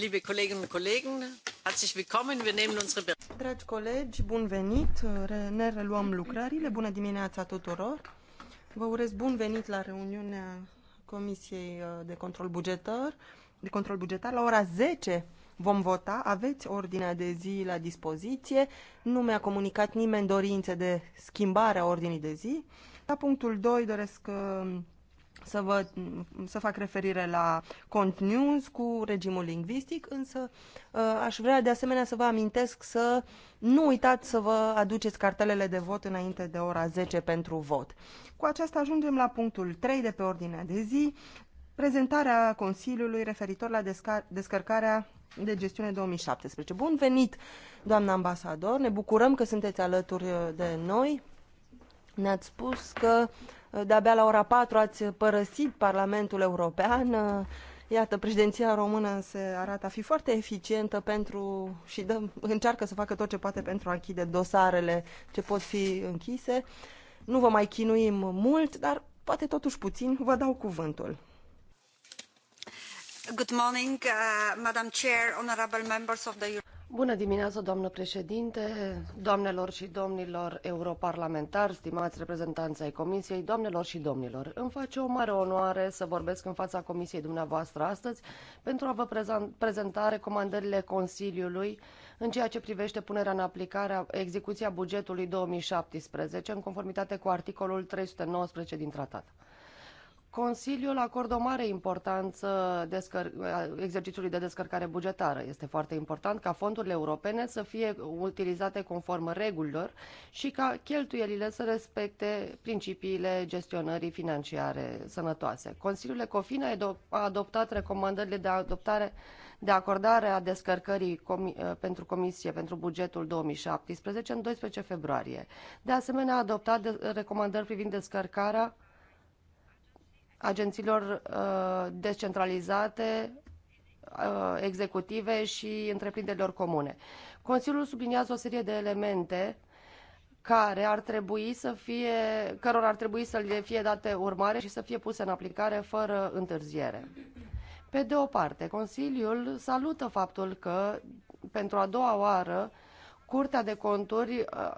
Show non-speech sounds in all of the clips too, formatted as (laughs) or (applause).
liebe Kolleginnen und Kollegen, herzlich willkommen. Wir nehmen unsere Dragi colegi, bun venit. Ne reluăm lucrările. Bună dimineața tuturor. Vă urez bun venit la reuniunea Comisiei uh, de Control Bugetar. De control bugetar la ora 10 vom vota, aveți ordinea de zi la dispoziție, nu mi-a comunicat nimeni dorințe de schimbare a ordinii de zi. La punctul 2 doresc uh, să, vă, să fac referire la continues cu regimul lingvistic, însă uh, aș vrea de asemenea să vă amintesc să nu uitați să vă aduceți cartelele de vot înainte de ora 10 pentru vot. Cu aceasta ajungem la punctul 3 de pe ordinea de zi, prezentarea Consiliului referitor la descar- descărcarea de gestiune 2017. Bun venit, doamna ambasador, ne bucurăm că sunteți alături de noi. Ne-ați spus că uh, de-abia la ora 4 ați părăsit Parlamentul European. Iată, președinția română se arată a fi foarte eficientă pentru și dă, încearcă să facă tot ce poate pentru a închide dosarele ce pot fi închise. Nu vă mai chinuim mult, dar poate totuși puțin vă dau cuvântul. Good morning, uh, Madam Chair, honorable members of the Bună dimineața, doamnă președinte, doamnelor și domnilor europarlamentari, stimați reprezentanți ai Comisiei, doamnelor și domnilor. Îmi face o mare onoare să vorbesc în fața Comisiei dumneavoastră astăzi pentru a vă prezenta recomandările Consiliului în ceea ce privește punerea în aplicare a execuția bugetului 2017 în conformitate cu articolul 319 din tratat. Consiliul acordă o mare importanță exercițiului de descărcare bugetară. Este foarte important ca fondurile europene să fie utilizate conform regulilor și ca cheltuielile să respecte principiile gestionării financiare sănătoase. Consiliul Ecofin a adoptat recomandările de adoptare de acordare a descărcării comi pentru Comisie pentru bugetul 2017 în 12 februarie. De asemenea, a adoptat recomandări privind descărcarea agențiilor uh, descentralizate, uh, executive și întreprinderilor comune. Consiliul subliniază o serie de elemente care ar trebui să fie, căror ar trebui să le fie date urmare și să fie puse în aplicare fără întârziere. Pe de o parte, Consiliul salută faptul că, pentru a doua oară, Curtea de Conturi uh,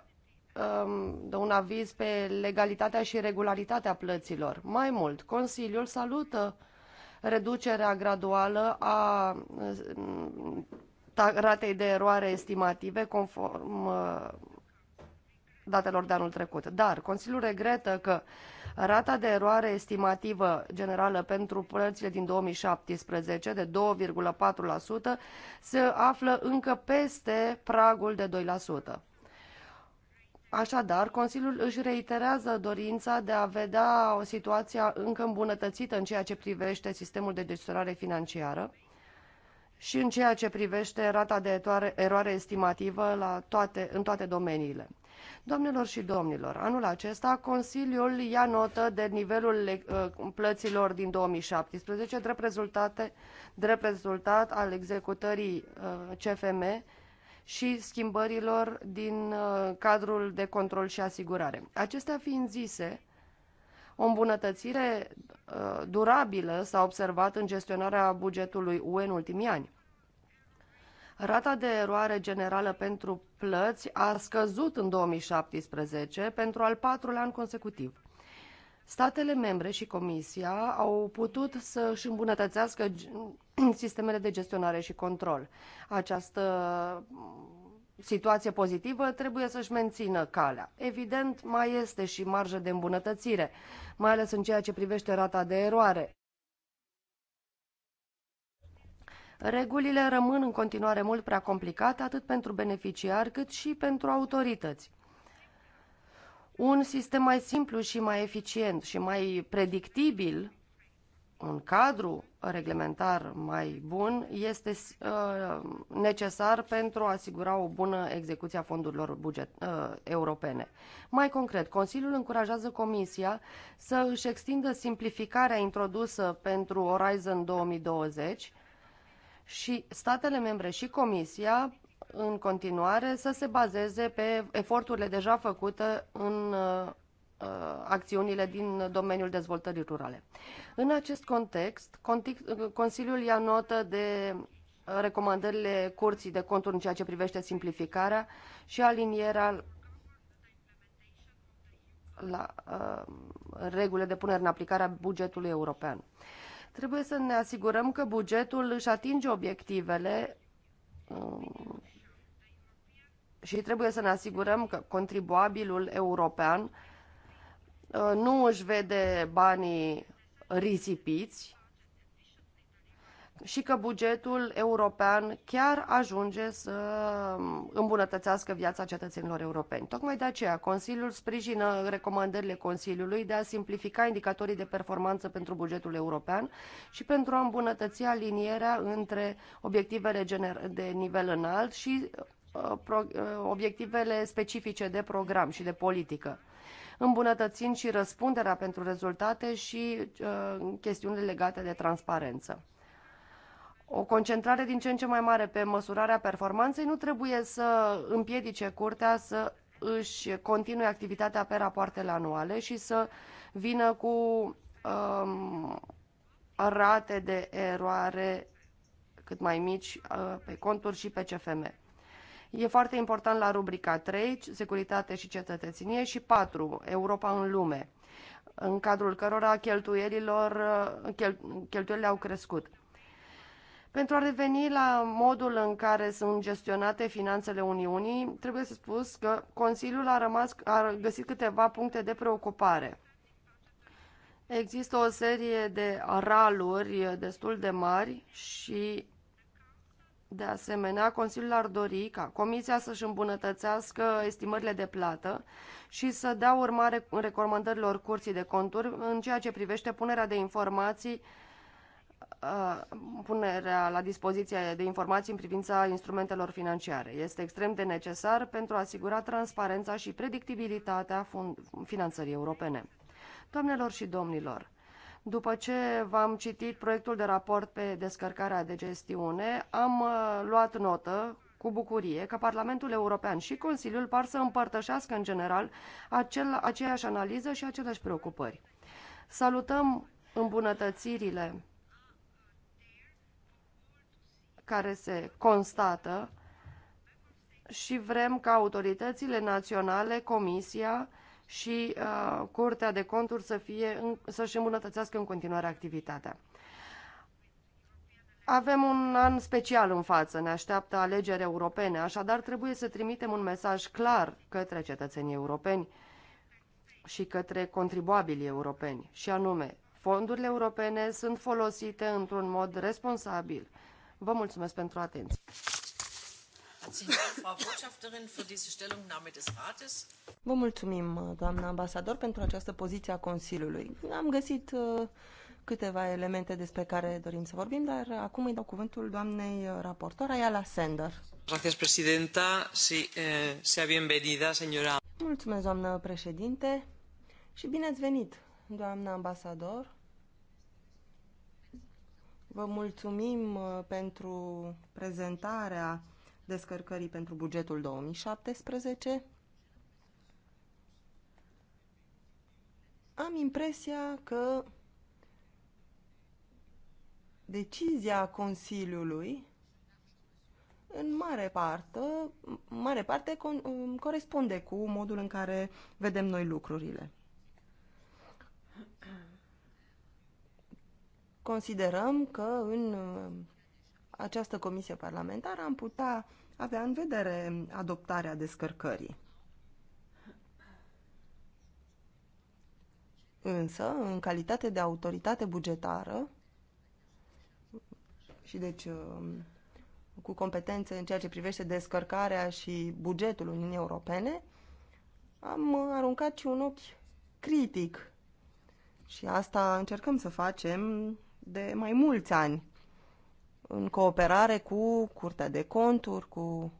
Um, dă un aviz pe legalitatea și regularitatea plăților. Mai mult, Consiliul salută reducerea graduală a mm, ratei de eroare estimative conform uh, datelor de anul trecut. Dar Consiliul regretă că rata de eroare estimativă generală pentru plățile din 2017 de 2,4% se află încă peste pragul de 2%. Așadar, Consiliul își reiterează dorința de a vedea o situație încă îmbunătățită în ceea ce privește sistemul de gestionare financiară și în ceea ce privește rata de eroare estimativă la toate, în toate domeniile. Doamnelor și domnilor, anul acesta Consiliul ia notă de nivelul uh, plăților din 2017, drept, rezultate, drept rezultat al executării uh, CFM și schimbărilor din uh, cadrul de control și asigurare. Acestea fiind zise, o îmbunătățire uh, durabilă s-a observat în gestionarea bugetului UE în ultimii ani. Rata de eroare generală pentru plăți a scăzut în 2017 pentru al patrulea an consecutiv statele membre și Comisia au putut să își îmbunătățească (clears throat) sistemele de gestionare și control. Această situație pozitivă trebuie să-și mențină calea. Evident, mai este și marjă de îmbunătățire, mai ales în ceea ce privește rata de eroare. Regulile rămân în continuare mult prea complicate atât pentru beneficiari cât și pentru autorități un sistem mai simplu și mai eficient și mai predictibil, un cadru reglementar mai bun, este uh, necesar pentru a asigura o bună execuție a fondurilor buget, uh, europene. Mai concret, Consiliul încurajează Comisia să își extindă simplificarea introdusă pentru Horizon 2020 și statele membre și Comisia în continuare să se bazeze pe eforturile deja făcute în uh, uh, acțiunile din domeniul dezvoltării rurale. În acest context, Consiliul ia notă de recomandările Curții de Conturi în ceea ce privește simplificarea și alinierea la uh, regulile de punere în aplicare a bugetului european. Trebuie să ne asigurăm că bugetul își atinge obiectivele uh, și trebuie să ne asigurăm că contribuabilul european uh, nu își vede banii risipiți și că bugetul european chiar ajunge să um, îmbunătățească viața cetățenilor europeni. Tocmai de aceea, Consiliul sprijină recomandările Consiliului de a simplifica indicatorii de performanță pentru bugetul european și pentru a îmbunătăți alinierea între obiectivele de nivel înalt și Uh, uh, obiectivele specifice de program și de politică, îmbunătățind și răspunderea pentru rezultate și uh, chestiunile legate de transparență. O concentrare din ce în ce mai mare pe măsurarea performanței nu trebuie să împiedice curtea să își continue activitatea pe rapoartele anuale și să vină cu um, rate de eroare cât mai mici pe conturi și pe CFM. E foarte important la rubrica 3, securitate și cetățenie, și 4, Europa în lume, în cadrul cărora cheltuielilor, chel, cheltuielile au crescut. Pentru a reveni la modul în care sunt gestionate finanțele Uniunii, trebuie să spus că Consiliul a, rămas, a găsit câteva puncte de preocupare. Există o serie de raluri destul de mari și de asemenea, Consiliul ar dori ca Comisia să-și îmbunătățească estimările de plată și să dea urmare recomandărilor Curții de Conturi în ceea ce privește punerea de informații uh, punerea la dispoziție de informații în privința instrumentelor financiare. Este extrem de necesar pentru a asigura transparența și predictibilitatea finanțării europene. Doamnelor și domnilor, după ce v-am citit proiectul de raport pe descărcarea de gestiune, am uh, luat notă cu bucurie că Parlamentul European și Consiliul par să împărtășească în general acel, aceeași analiză și aceleași preocupări. Salutăm îmbunătățirile care se constată și vrem ca autoritățile naționale, Comisia, și uh, Curtea de Conturi să fie, să-și îmbunătățească în continuare activitatea. Avem un an special în față, ne așteaptă alegeri europene, așadar trebuie să trimitem un mesaj clar către cetățenii europeni și către contribuabilii europeni, și anume, fondurile europene sunt folosite într-un mod responsabil. Vă mulțumesc pentru atenție. Vă mulțumim, doamna ambasador, pentru această poziție a Consiliului. Am găsit uh, câteva elemente despre care dorim să vorbim, dar acum îi dau cuvântul doamnei raportor, Ayala Sender. Gracias, presidenta. Sí, eh, sea bienvenida, señora. Mulțumesc, doamnă președinte, și bine ați venit, doamna ambasador. Vă mulțumim uh, pentru prezentarea descărcării pentru bugetul 2017, am impresia că decizia Consiliului în mare parte, mare parte um, corespunde cu modul în care vedem noi lucrurile. Considerăm că în um, această comisie parlamentară am putea avea în vedere adoptarea descărcării. Însă, în calitate de autoritate bugetară și deci um, cu competențe în ceea ce privește descărcarea și bugetul Uniunii Europene, am aruncat și un ochi critic. Și asta încercăm să facem de mai mulți ani în cooperare cu Curtea de Conturi, cu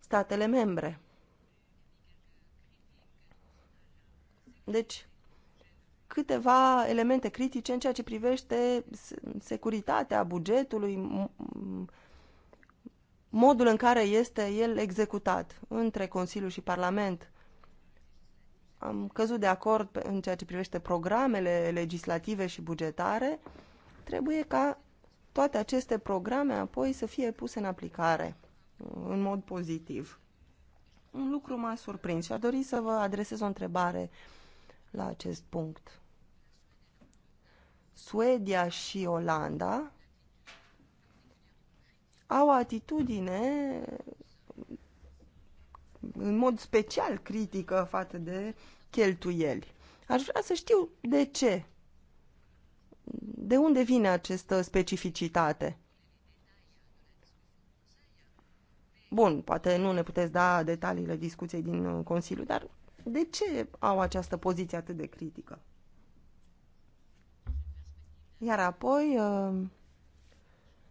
statele membre. Deci, câteva elemente critice în ceea ce privește securitatea bugetului, modul în care este el executat între Consiliu și Parlament. Am căzut de acord în ceea ce privește programele legislative și bugetare. Trebuie ca toate aceste programe apoi să fie puse în aplicare uh, în mod pozitiv. Un lucru m-a surprins și a dori să vă adresez o întrebare la acest punct. Suedia și Olanda au atitudine uh, în mod special critică față de cheltuieli. Aș vrea să știu de ce de unde vine această specificitate? Bun, poate nu ne puteți da detaliile discuției din uh, Consiliu, dar de ce au această poziție atât de critică? Iar apoi, uh,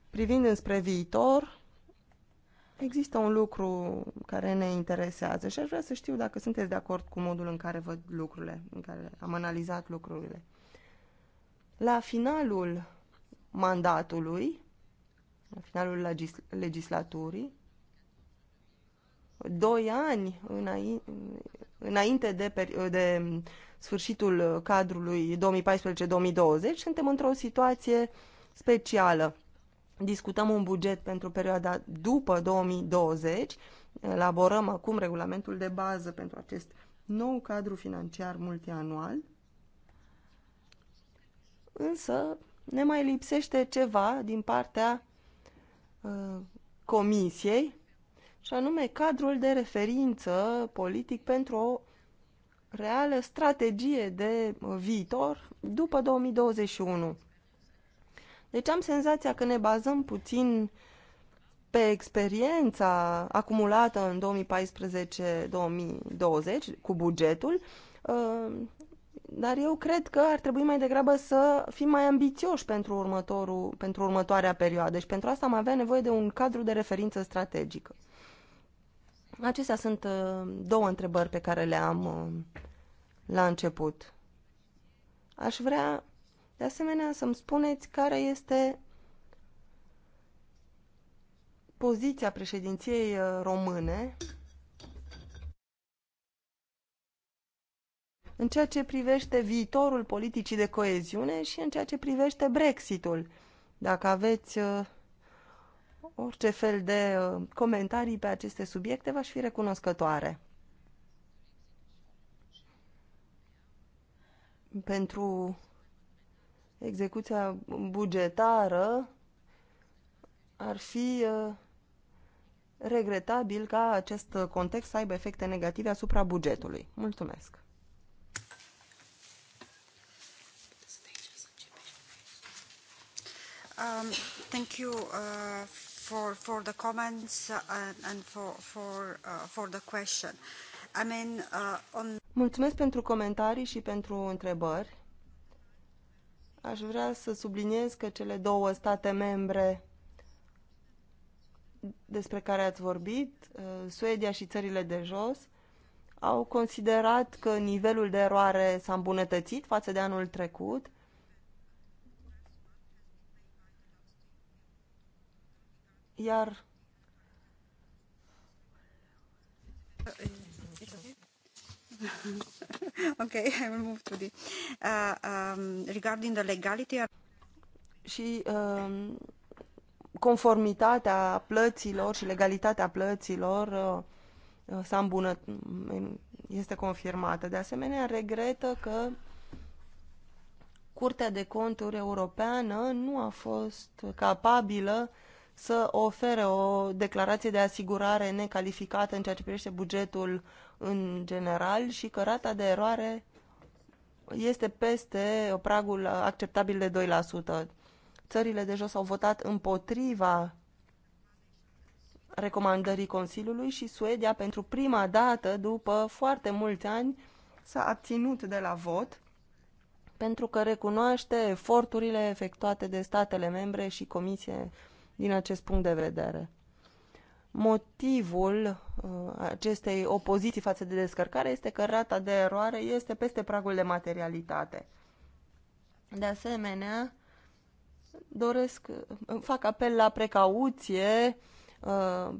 privind înspre viitor, există un lucru care ne interesează și aș vrea să știu dacă sunteți de acord cu modul în care văd lucrurile, în care am analizat lucrurile. La finalul mandatului, la finalul legis legislaturii, doi ani înainte de, de sfârșitul cadrului 2014-2020, suntem într-o situație specială. Discutăm un buget pentru perioada după 2020, elaborăm acum regulamentul de bază pentru acest nou cadru financiar multianual însă ne mai lipsește ceva din partea uh, Comisiei, și anume cadrul de referință politic pentru o reală strategie de uh, viitor după 2021. Deci am senzația că ne bazăm puțin pe experiența acumulată în 2014-2020 cu bugetul uh, dar eu cred că ar trebui mai degrabă să fim mai ambițioși pentru, următorul, pentru următoarea perioadă și pentru asta am avea nevoie de un cadru de referință strategică. Acestea sunt uh, două întrebări pe care le am uh, la început. Aș vrea, de asemenea, să-mi spuneți care este poziția președinției uh, române în ceea ce privește viitorul politicii de coeziune și în ceea ce privește Brexitul. Dacă aveți uh, orice fel de uh, comentarii pe aceste subiecte, v-aș fi recunoscătoare. Pentru execuția bugetară ar fi uh, regretabil ca acest context să aibă efecte negative asupra bugetului. Mulțumesc! Um, thank you uh, for for the comments uh, and, and for for uh, for the question. I mean, uh, on... Mulțumesc pentru comentarii și pentru întrebări. Aș vrea să subliniez că cele două state membre despre care ați vorbit, uh, Suedia și țările de jos, au considerat că nivelul de eroare s-a îmbunătățit față de anul trecut Iar (laughs) okay, I will move to the uh, um, regarding the legality și um, conformitatea plăților și legalitatea plăților uh, uh s-a îmbunăt este confirmată. De asemenea, regretă că Curtea de Conturi Europeană nu a fost capabilă să ofere o declarație de asigurare necalificată în ceea ce privește bugetul în general și că rata de eroare este peste pragul acceptabil de 2%. Țările de jos au votat împotriva recomandării Consiliului și Suedia, pentru prima dată după foarte mulți ani, s-a abținut de la vot pentru că recunoaște eforturile efectuate de statele membre și Comisie din acest punct de vedere. Motivul uh, acestei opoziții față de descărcare este că rata de eroare este peste pragul de materialitate. De asemenea, doresc, uh, fac apel la precauție uh,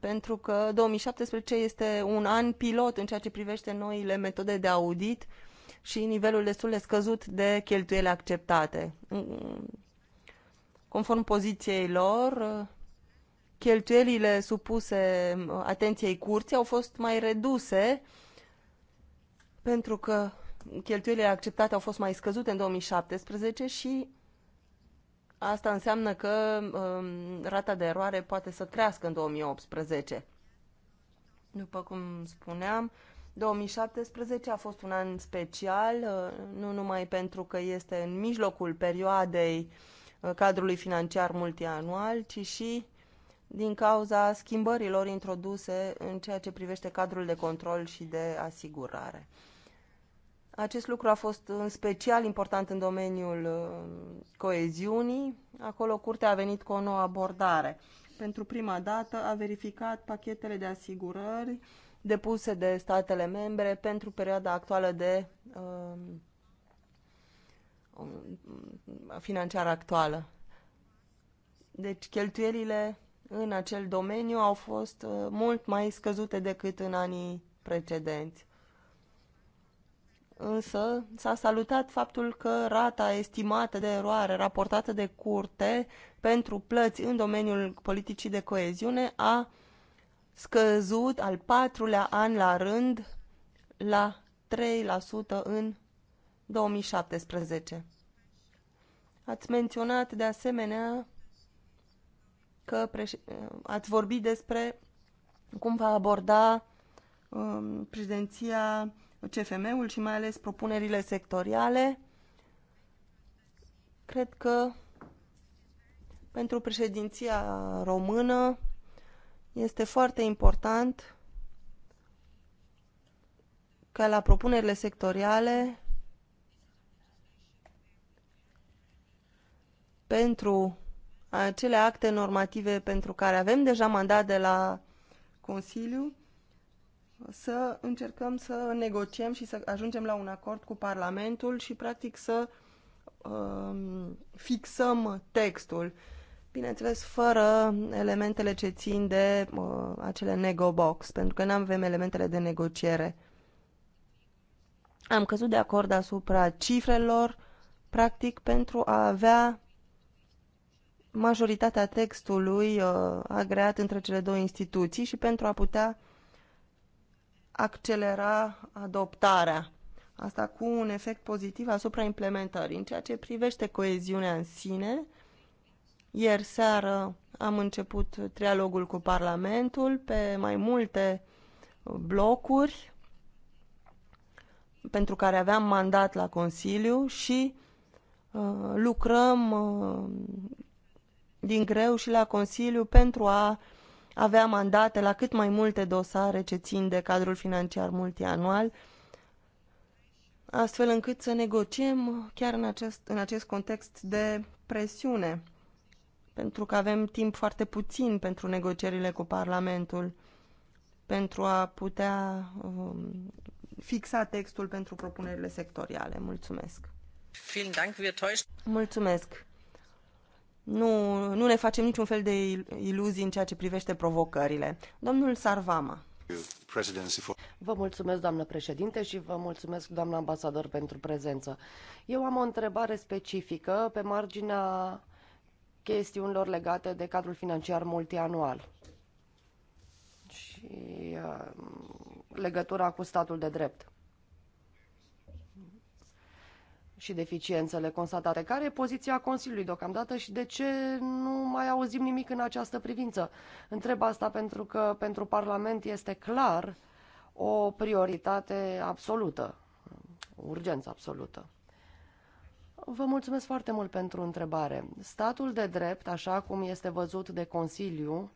pentru că 2017 este un an pilot în ceea ce privește noile metode de audit și nivelul destul de scăzut de cheltuieli acceptate. Mm, Conform poziției lor, cheltuielile supuse atenției curții au fost mai reduse pentru că cheltuielile acceptate au fost mai scăzute în 2017 și asta înseamnă că um, rata de eroare poate să crească în 2018. După cum spuneam, 2017 a fost un an special, nu numai pentru că este în mijlocul perioadei uh, Uh, cadrului financiar multianual, ci și din cauza schimbărilor introduse în ceea ce privește cadrul de control și de asigurare. Acest lucru a fost în special important în domeniul uh, coeziunii. Acolo curtea a venit cu o nouă abordare. Pentru prima dată a verificat pachetele de asigurări depuse de statele membre pentru perioada actuală de uh, Um, financiară actuală. Deci cheltuielile în acel domeniu au fost uh, mult mai scăzute decât în anii precedenți. Însă s-a salutat faptul că rata estimată de eroare raportată de curte pentru plăți în domeniul politicii de coeziune a scăzut al patrulea an la rând la 3% în 2017. Ați menționat de asemenea că ați vorbit despre cum va aborda um, prezenția CFM-ul și mai ales propunerile sectoriale. Cred că pentru președinția română este foarte important ca la propunerile sectoriale pentru acele acte normative pentru care avem deja mandat de la Consiliu, să încercăm să negociem și să ajungem la un acord cu Parlamentul și, practic, să um, fixăm textul. Bineînțeles, fără elementele ce țin de uh, acele nego-box, pentru că nu avem elementele de negociere. Am căzut de acord asupra cifrelor, practic, pentru a avea majoritatea textului uh, agreat între cele două instituții și pentru a putea accelera adoptarea. Asta cu un efect pozitiv asupra implementării. În ceea ce privește coeziunea în sine, ieri seară am început trialogul cu Parlamentul pe mai multe blocuri pentru care aveam mandat la Consiliu și uh, lucrăm uh, din greu și la Consiliu pentru a avea mandate la cât mai multe dosare ce țin de cadrul financiar multianual, astfel încât să negociem chiar în acest, în acest context de presiune, pentru că avem timp foarte puțin pentru negocierile cu Parlamentul, pentru a putea um, fixa textul pentru propunerile sectoriale. Mulțumesc! Mulțumesc! nu, nu ne facem niciun fel de iluzii în ceea ce privește provocările. Domnul Sarvama. Vă mulțumesc, doamnă președinte, și vă mulțumesc, doamnă ambasador, pentru prezență. Eu am o întrebare specifică pe marginea chestiunilor legate de cadrul financiar multianual și uh, legătura cu statul de drept și deficiențele constatate. Care e poziția Consiliului deocamdată și de ce nu mai auzim nimic în această privință? Întreb asta pentru că pentru Parlament este clar o prioritate absolută, o urgență absolută. Vă mulțumesc foarte mult pentru întrebare. Statul de drept, așa cum este văzut de Consiliu,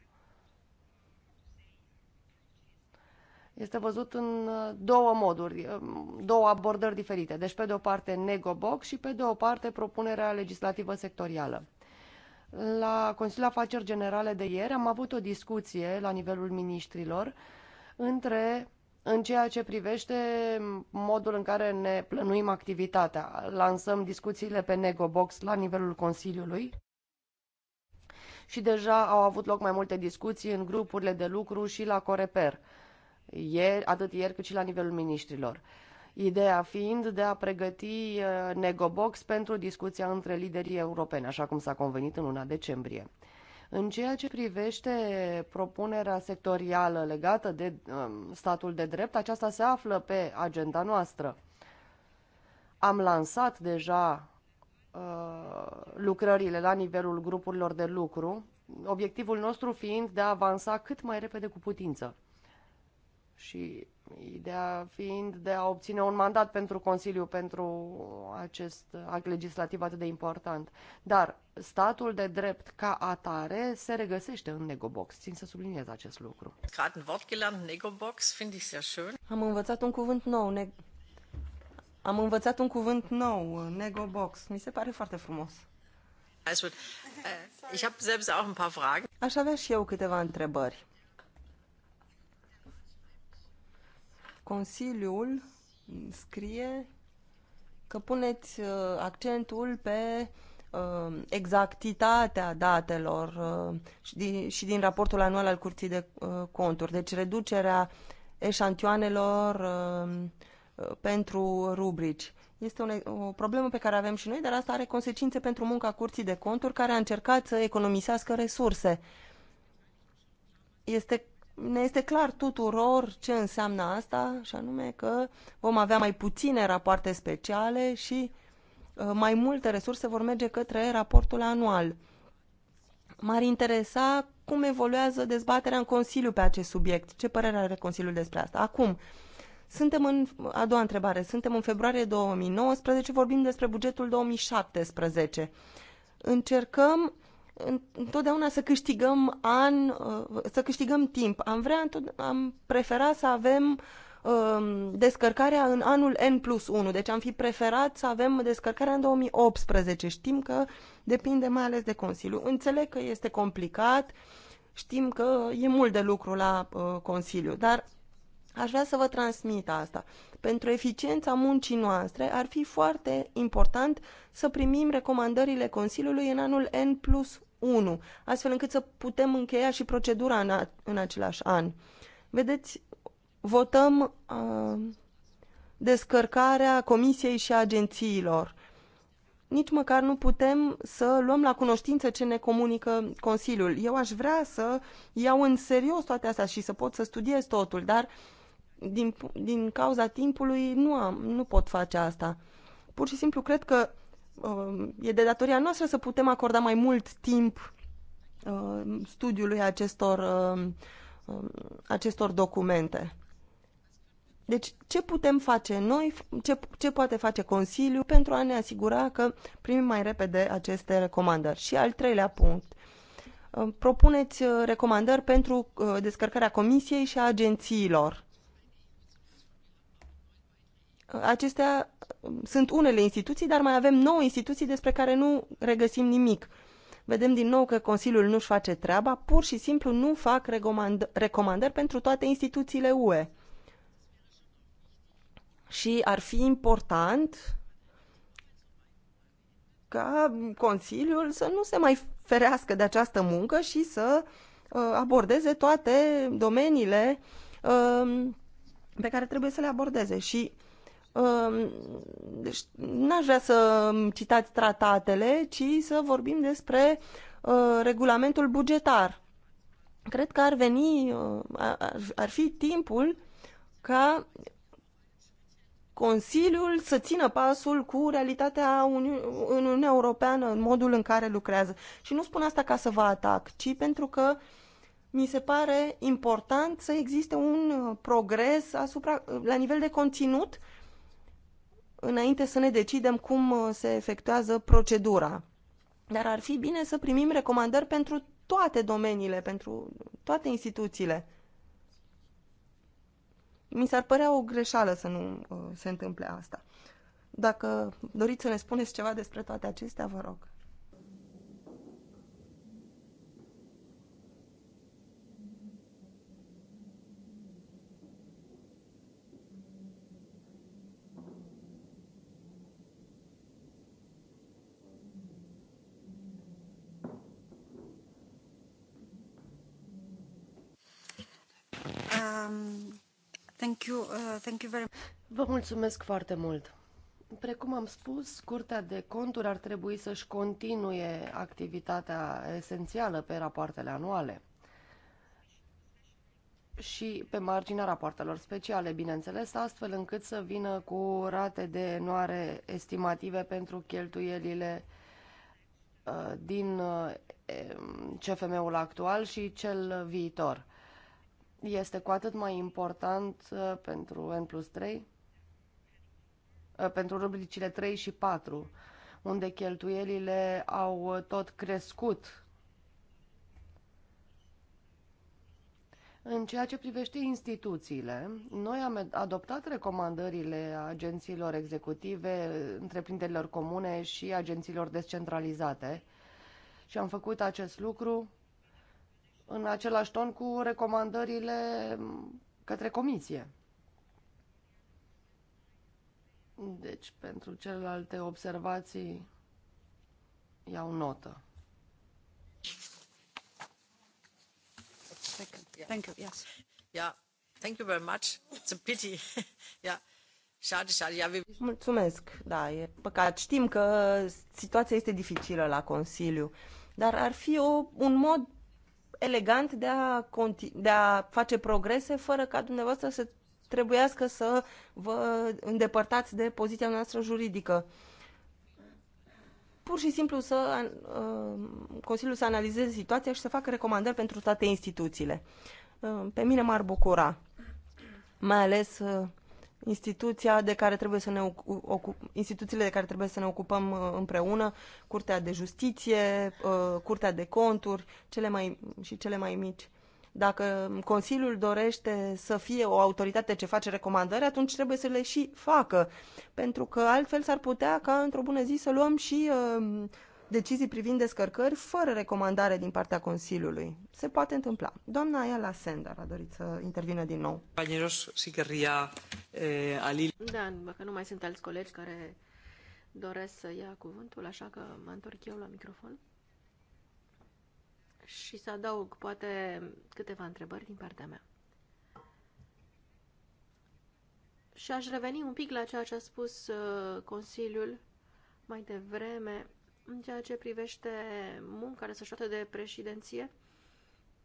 este văzut în uh, două moduri, uh, două abordări diferite. Deci, pe de o parte, negoboc și pe de o parte, propunerea legislativă sectorială. La Consiliul Afaceri Generale de ieri am avut o discuție la nivelul ministrilor între în ceea ce privește modul în care ne plănuim activitatea. Lansăm discuțiile pe Negobox la nivelul Consiliului și deja au avut loc mai multe discuții în grupurile de lucru și la Coreper ieri, atât ieri cât și la nivelul ministrilor. Ideea fiind de a pregăti uh, negobox pentru discuția între liderii europeni, așa cum s-a convenit în luna decembrie. În ceea ce privește propunerea sectorială legată de um, statul de drept, aceasta se află pe agenda noastră. Am lansat deja uh, lucrările la nivelul grupurilor de lucru, obiectivul nostru fiind de a avansa cât mai repede cu putință și ideea fiind de a obține un mandat pentru Consiliu pentru acest act legislativ atât de important. Dar statul de drept ca atare se regăsește în Negobox. Țin să subliniez acest lucru. Am învățat un cuvânt nou. Ne... Am învățat un cuvânt nou, Negobox. Mi se pare foarte frumos. Äh, Aș avea și eu câteva întrebări. Consiliul scrie că puneți uh, accentul pe uh, exactitatea datelor uh, și din raportul anual al Curții de Conturi. Deci reducerea eșantioanelor pentru rubrici. Este o, o problemă pe care avem și noi, dar asta are consecințe pentru munca Curții de Conturi, care a încercat să economisească resurse. Este ne este clar tuturor ce înseamnă asta, și anume că vom avea mai puține rapoarte speciale și uh, mai multe resurse vor merge către raportul anual. M-ar interesa cum evoluează dezbaterea în Consiliu pe acest subiect. Ce părere are Consiliul despre asta? Acum, suntem în, a doua întrebare, suntem în februarie 2019, vorbim despre bugetul 2017. Încercăm întotdeauna să câștigăm an, uh, să câștigăm timp. Am vrea, am preferat să avem um, descărcarea în anul N plus 1, deci am fi preferat să avem descărcarea în 2018. Știm că depinde mai ales de Consiliu. Înțeleg că este complicat, știm că e mult de lucru la uh, Consiliu, dar aș vrea să vă transmit asta. Pentru eficiența muncii noastre ar fi foarte important să primim recomandările Consiliului în anul N plus 1, astfel încât să putem încheia și procedura în, a, în același an. Vedeți, votăm uh, descărcarea comisiei și agențiilor. Nici măcar nu putem să luăm la cunoștință ce ne comunică Consiliul. Eu aș vrea să iau în serios toate astea și să pot să studiez totul, dar din, din cauza timpului nu, am, nu pot face asta. Pur și simplu cred că Um, e de datoria noastră să putem acorda mai mult timp um, studiului acestor, um, acestor documente. Deci, ce putem face noi, ce, ce poate face Consiliul pentru a ne asigura că primim mai repede aceste recomandări? Și al treilea punct. Propuneți uh, recomandări pentru uh, descărcarea Comisiei și a agențiilor. Acestea sunt unele instituții, dar mai avem nouă instituții despre care nu regăsim nimic. Vedem din nou că Consiliul nu-și face treaba, pur și simplu nu fac recomand- recomandări pentru toate instituțiile UE. Și ar fi important ca Consiliul să nu se mai ferească de această muncă și să uh, abordeze toate domeniile uh, pe care trebuie să le abordeze. Și uh, Um, deci n-aș vrea să citați tratatele, ci să vorbim despre uh, regulamentul bugetar. Cred că ar veni, uh, ar fi timpul ca Consiliul să țină pasul cu realitatea Uni- în Uniunea Europeană, în modul în care lucrează. Și nu spun asta ca să vă atac, ci pentru că mi se pare important să existe un uh, progres asupra, la nivel de conținut înainte să ne decidem cum uh, se efectuează procedura. Dar ar fi bine să primim recomandări pentru toate domeniile, pentru toate instituțiile. Mi s-ar părea o greșeală să nu uh, se întâmple asta. Dacă doriți să ne spuneți ceva despre toate acestea, vă rog. Thank you, uh, thank you very... Vă mulțumesc foarte mult. Precum am spus, Curtea de Conturi ar trebui să-și continue activitatea esențială pe rapoartele anuale și pe marginea rapoartelor speciale, bineînțeles, astfel încât să vină cu rate de enoare estimative pentru cheltuielile uh, din uh, um, CFM-ul actual și cel viitor este cu atât mai important uh, pentru N plus 3, uh, pentru rubricile 3 și 4, unde cheltuielile au uh, tot crescut. În ceea ce privește instituțiile, noi am adoptat recomandările agențiilor executive, întreprinderilor comune și agențiilor descentralizate și am făcut acest lucru în același ton cu recomandările către comisie. Deci, pentru celelalte observații, iau notă. Thank you. Yes. Yeah. Thank you very much. It's a pity. yeah. (laughs) Mulțumesc, da, e păcat. Știm că situația este dificilă la Consiliu, dar ar fi o, un mod elegant de a, de a face progrese fără ca dumneavoastră să trebuiască să vă îndepărtați de poziția noastră juridică. Pur și simplu să uh, Consiliul să analizeze situația și să facă recomandări pentru toate instituțiile. Uh, pe mine m-ar bucura, mai ales uh, instituția de care trebuie să ne instituțiile de care trebuie să ne ocupăm uh, împreună, Curtea de Justiție, uh, Curtea de Conturi, cele mai, și cele mai mici. Dacă Consiliul dorește să fie o autoritate ce face recomandări, atunci trebuie să le și facă, pentru că altfel s-ar putea ca într-o bună zi să luăm și uh, decizii privind descărcări fără recomandare din partea Consiliului. Se poate întâmpla. Doamna Ayala Sender a dorit să intervină din nou. Eh, da, dacă nu mai sunt alți colegi care doresc să ia cuvântul, așa că mă întorc eu la microfon. Și să adaug poate câteva întrebări din partea mea. Și aș reveni un pic la ceea ce a spus uh, Consiliul mai devreme în ceea ce privește munca desfășurată de președinție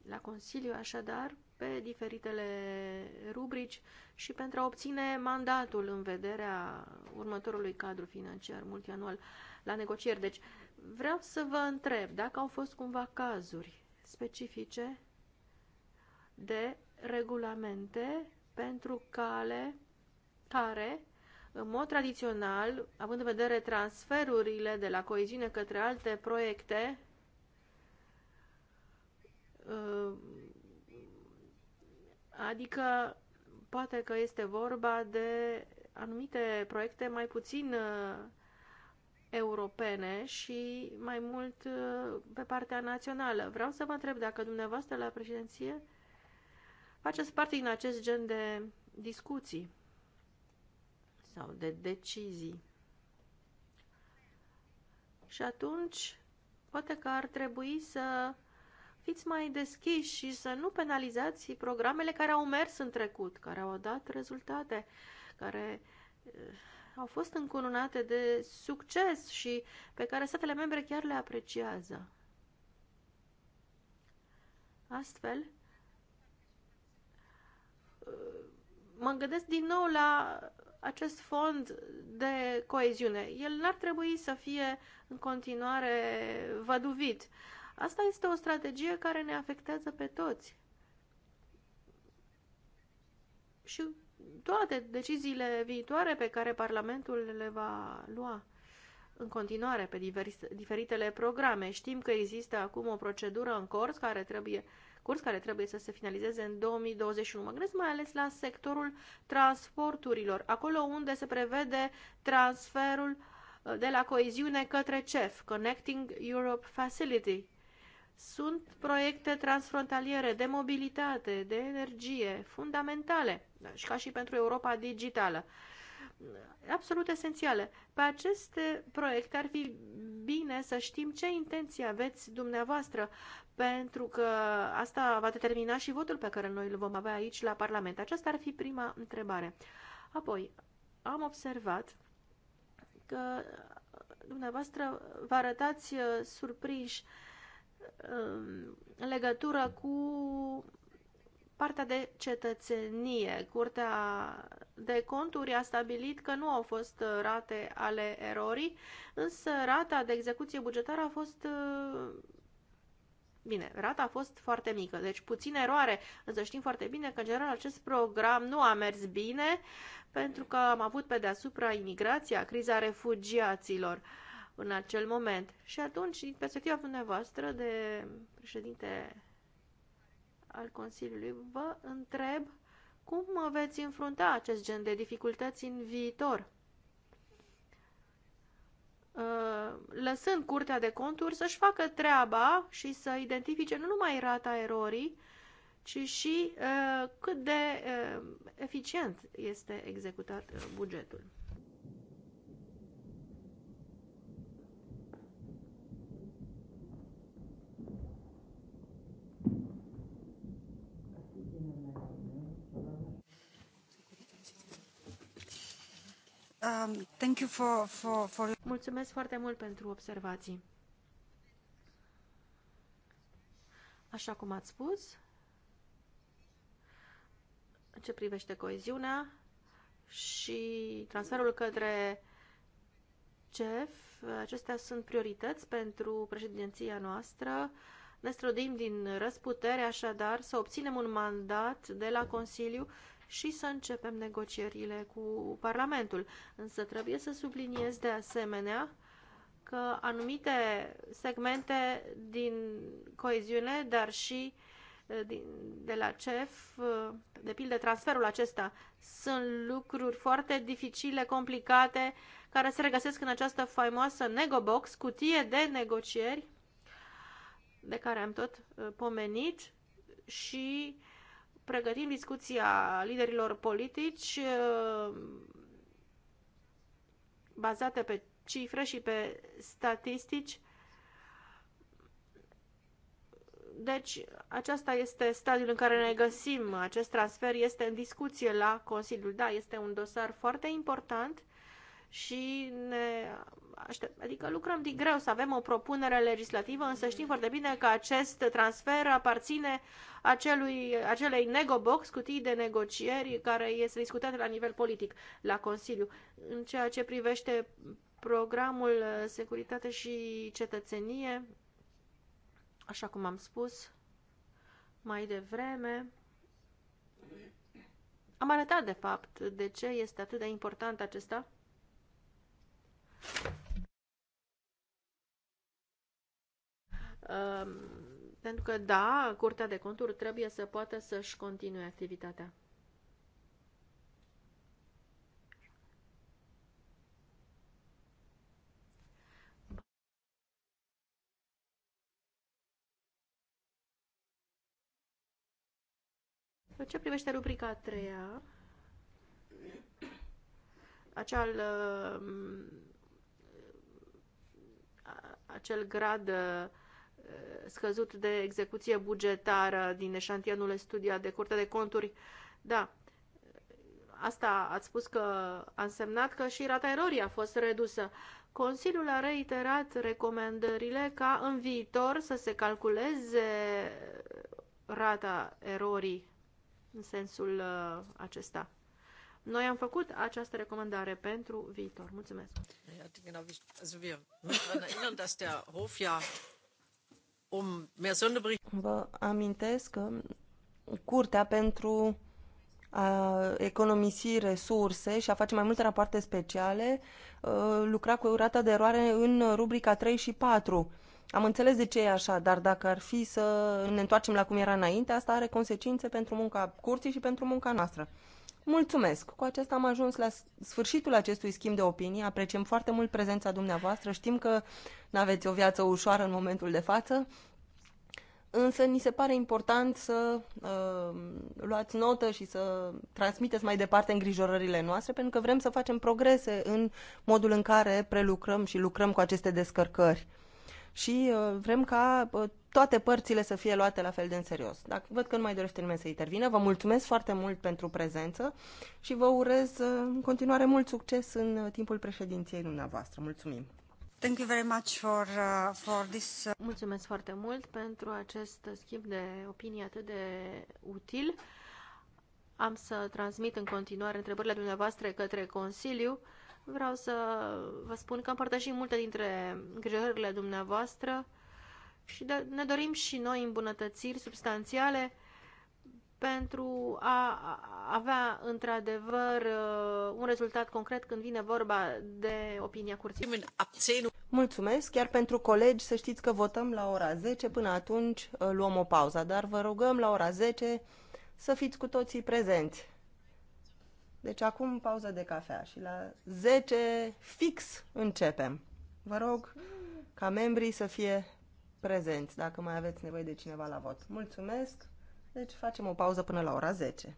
la Consiliu, așadar, pe diferitele rubrici și pentru a obține mandatul în vederea următorului cadru financiar multianual la negocieri. Deci, vreau să vă întreb dacă au fost cumva cazuri specifice de regulamente pentru cale care în mod tradițional, având în vedere transferurile de la coeziune către alte proiecte, ă, adică poate că este vorba de anumite proiecte mai puțin ă, europene și mai mult ă, pe partea națională. Vreau să vă întreb dacă dumneavoastră la președinție faceți parte din acest gen de discuții sau de decizii. Și atunci, poate că ar trebui să fiți mai deschiși și să nu penalizați programele care au mers în trecut, care au dat rezultate, care eh, au fost încununate de succes și pe care statele membre chiar le apreciază. Astfel, eh, mă gândesc din nou la acest fond de coeziune. El n-ar trebui să fie în continuare văduvit. Asta este o strategie care ne afectează pe toți. Și toate deciziile viitoare pe care Parlamentul le va lua în continuare pe diverse, diferitele programe. Știm că există acum o procedură în curs care trebuie uh, curs care trebuie să se finalizeze în 2021. Mă gândesc mai ales la sectorul transporturilor, acolo unde se prevede transferul uh, de la coeziune către CEF, Connecting Europe Facility. Sunt proiecte transfrontaliere de mobilitate, de energie, fundamentale, uh, și ca și pentru Europa digitală uh, absolut esențiale. Pe aceste proiecte ar fi bine să știm ce intenții aveți dumneavoastră, pentru că asta va determina și votul pe care noi îl vom avea aici la Parlament. Aceasta ar fi prima întrebare. Apoi, am observat că dumneavoastră vă arătați uh, surprinși uh, în legătură cu Partea de cetățenie, Curtea de Conturi a stabilit că nu au fost rate ale erorii, însă rata de execuție bugetară a fost eh, Bine, rata a fost foarte mică, deci puțin eroare, însă știm foarte bine că, în general, acest program nu a mers bine pentru că am avut pe deasupra imigrația, criza refugiaților în acel moment. Și atunci, din perspectiva dumneavoastră de președinte al Consiliului, vă întreb cum veți înfrunta acest gen de dificultăți în viitor, uh, lăsând Curtea de Conturi să-și facă treaba și să identifice nu numai rata erorii, ci și uh, cât de uh, eficient este executat bugetul. Um, thank you for, for, for... Mulțumesc foarte mult pentru observații. Așa cum ați spus, în ce privește coeziunea și transferul către CEF, acestea sunt priorități pentru președinția noastră. Ne strădim din răsputere, așadar, să obținem un mandat de la Consiliu și să începem negocierile cu Parlamentul. Însă trebuie să subliniez de asemenea că anumite segmente din coeziune, dar și eh, din, de la CEF, eh, de pildă transferul acesta, sunt lucruri foarte dificile, complicate, care se regăsesc în această faimoasă negobox, cutie de negocieri, de care am tot eh, pomenit și uh, pregătim discuția liderilor politici uh, bazate pe cifre și pe statistici. Deci, aceasta este stadiul în care ne găsim. Acest transfer este în discuție la Consiliul. Da, este un dosar foarte important și ne aștept, adică lucrăm din greu să avem o propunere legislativă, însă știm foarte bine că acest transfer aparține acelui, acelei negobox, cutii de negocieri, care este discutat la nivel politic la Consiliu. În ceea ce privește programul uh, Securitate și Cetățenie, așa cum am spus mai devreme, am arătat, de fapt, de ce este atât de important acesta. Ehm, pentru că, da, Curtea de Conturi trebuie să poată să-și continue activitatea. În ce privește rubrica a treia, acel, ehm, acel grad scăzut de execuție bugetară din eșantionul studiat de curte de Conturi. Da, asta ați spus că a însemnat că și rata erorii a fost redusă. Consiliul a reiterat recomandările ca în viitor să se calculeze rata erorii în sensul uh, acesta. Noi am făcut această recomandare pentru viitor. Mulțumesc! Um Vă amintesc că Curtea pentru a economisi resurse și a face mai multe rapoarte speciale, ă, lucra cu rata de eroare în rubrica 3 și 4. Am înțeles de ce e așa, dar dacă ar fi să ne întoarcem la cum era înainte, asta are consecințe pentru munca curții și pentru munca noastră. Mulțumesc! Cu aceasta am ajuns la sfârșitul acestui schimb de opinii. Apreciem foarte mult prezența dumneavoastră. Știm că nu aveți o viață ușoară în momentul de față, însă ni se pare important să uh, luați notă și să transmiteți mai departe îngrijorările noastre, pentru că vrem să facem progrese în modul în care prelucrăm și lucrăm cu aceste descărcări. Și uh, vrem ca uh, toate părțile să fie luate la fel de în serios. Dacă văd că nu mai dorește nimeni să intervină, vă mulțumesc foarte mult pentru prezență și vă urez uh, în continuare mult succes în uh, timpul președinției dumneavoastră. Mulțumim! Thank you very much for, uh, for this. Uh, mulțumesc foarte mult pentru acest schimb de opinie atât de util. Am să transmit în continuare întrebările dumneavoastră către Consiliu. Vreau să vă spun că împărtășim multe dintre grijările dumneavoastră și ne dorim și noi îmbunătățiri substanțiale pentru a avea într-adevăr uh, un rezultat concret când vine vorba de opinia curții. Mulțumesc, iar pentru colegi să știți că votăm la ora 10, până atunci uh, luăm o pauză, dar vă rugăm la ora 10 să fiți cu toții prezenți. Deci acum pauză de cafea și la 10 fix începem. Vă rog ca membrii să fie prezenți, dacă mai aveți nevoie de cineva la vot. Mulțumesc! Deci facem o pauză până la ora 10.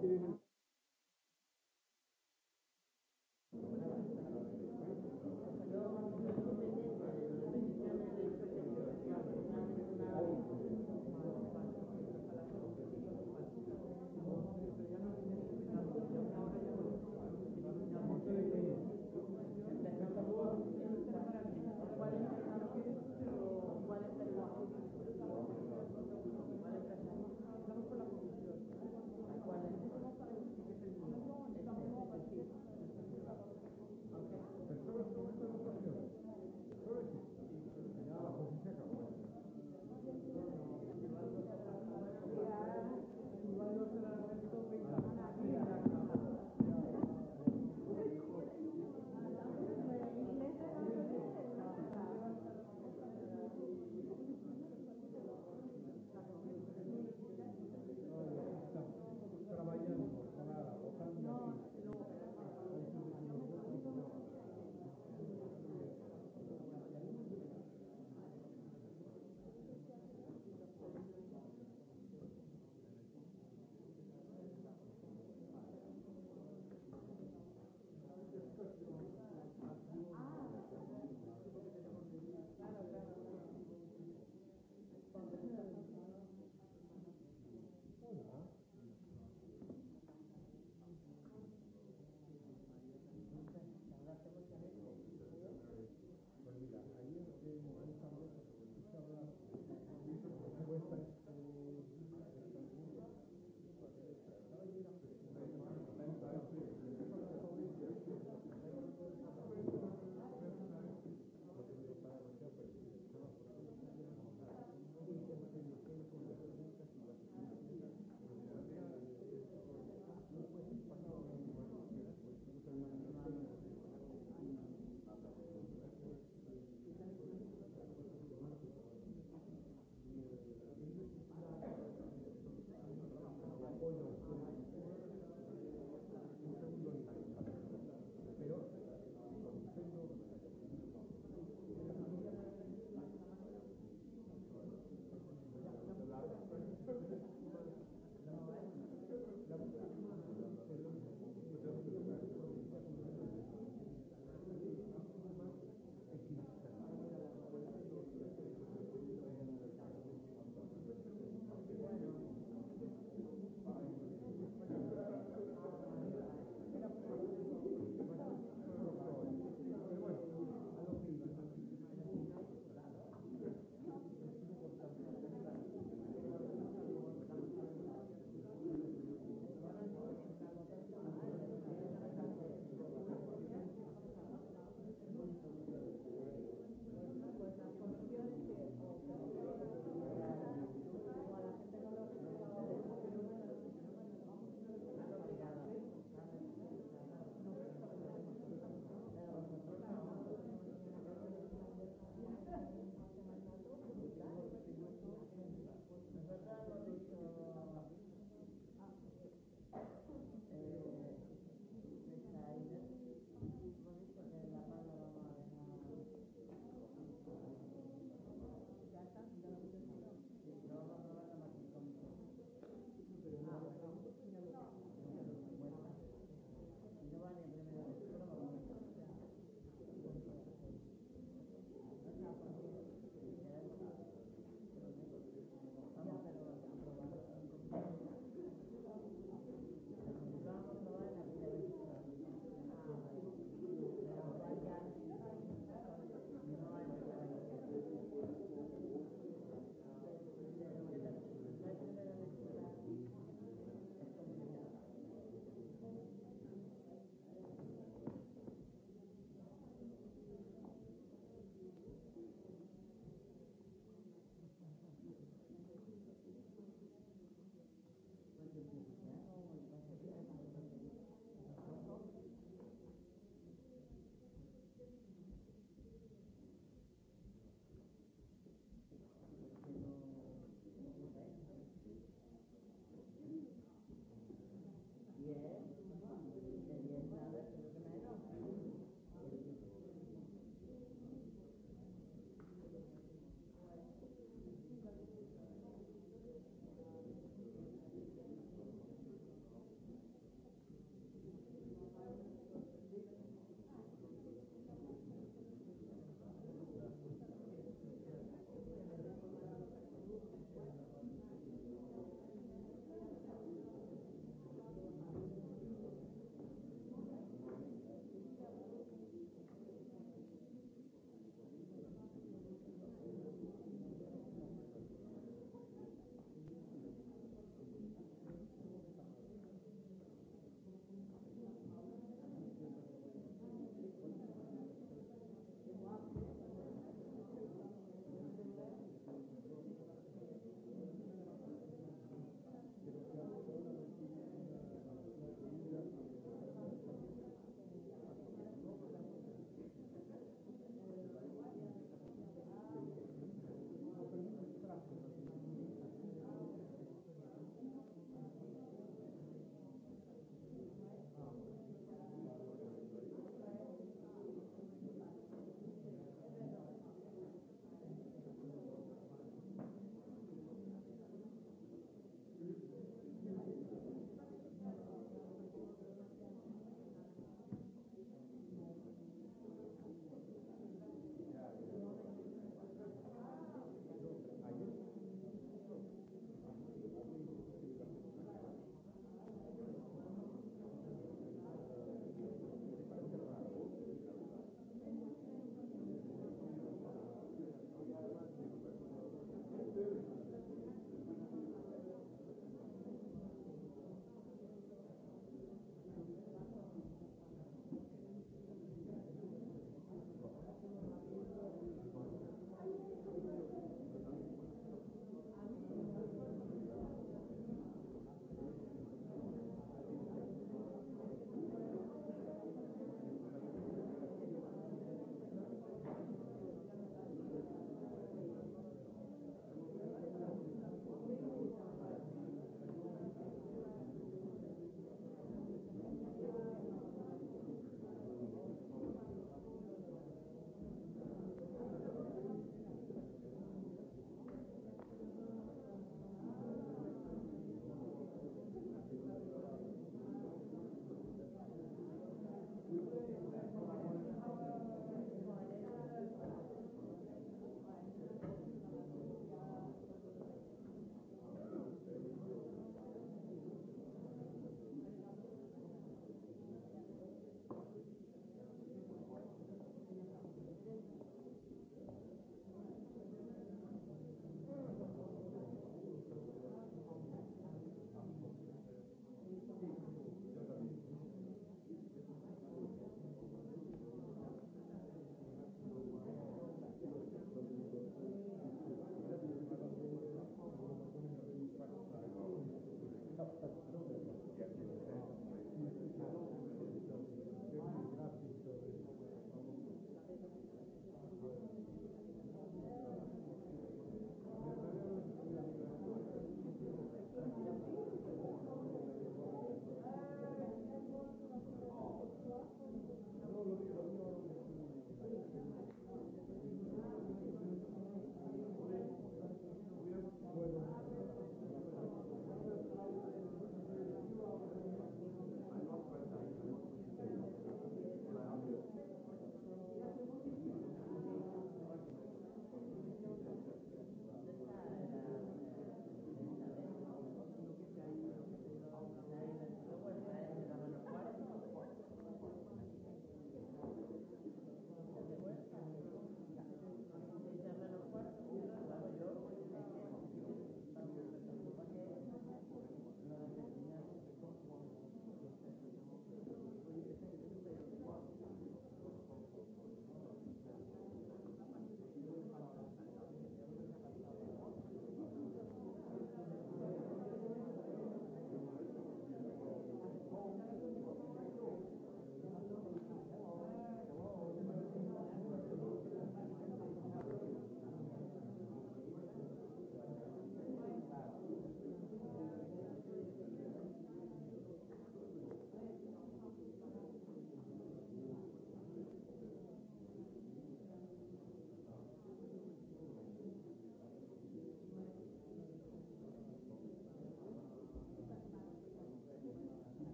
Thank you.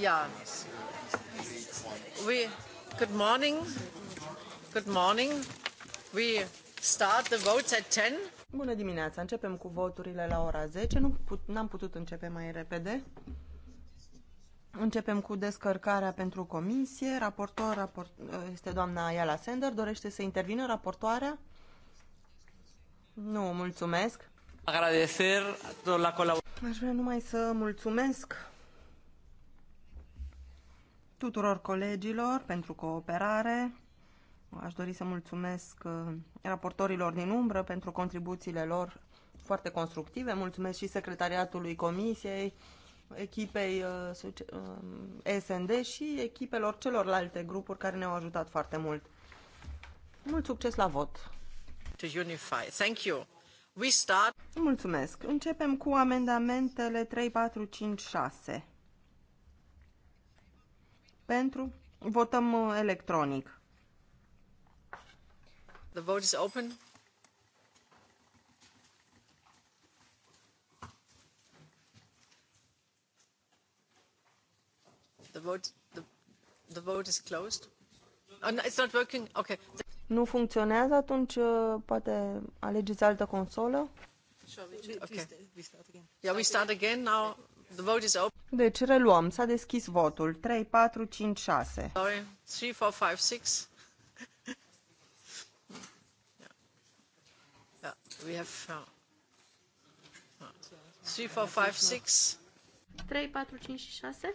Yeah. We, good morning. Good morning. We start the votes at 10. Bună dimineața. Începem cu voturile la ora 10. Nu put, n-am putut începe mai repede. Începem cu descărcarea pentru comisie. Raportor raport, este doamna Ayala Sender. Dorește să intervină raportoarea? Nu, mulțumesc. Agradecer la colaborare. Aș vrea numai să mulțumesc tuturor colegilor pentru cooperare. Aș dori să mulțumesc uh, raportorilor din umbră pentru contribuțiile lor foarte constructive. Mulțumesc și secretariatului comisiei, echipei uh, SND um, și echipelor celorlalte grupuri care ne-au ajutat foarte mult. Mult succes la vot! To unify. Thank you. We start... Mulțumesc. Începem cu amendamentele 3, 4, 5, 6. Pentru. Votăm uh, electronic. The vote is open. The vote, the, the vote is closed. Oh, no, it's not working. Okay. Nu funcționează, atunci uh, poate alegeți altă consolă. Sure, we, okay. we start again. Yeah, we start again now. The vote is open. Deci reluăm, s-a deschis votul. 3, 4, 5, 6. Sorry, 3, 4, 5, 6. We have... Uh, three, four, five, six. 6. 3, 4, 5 și 6?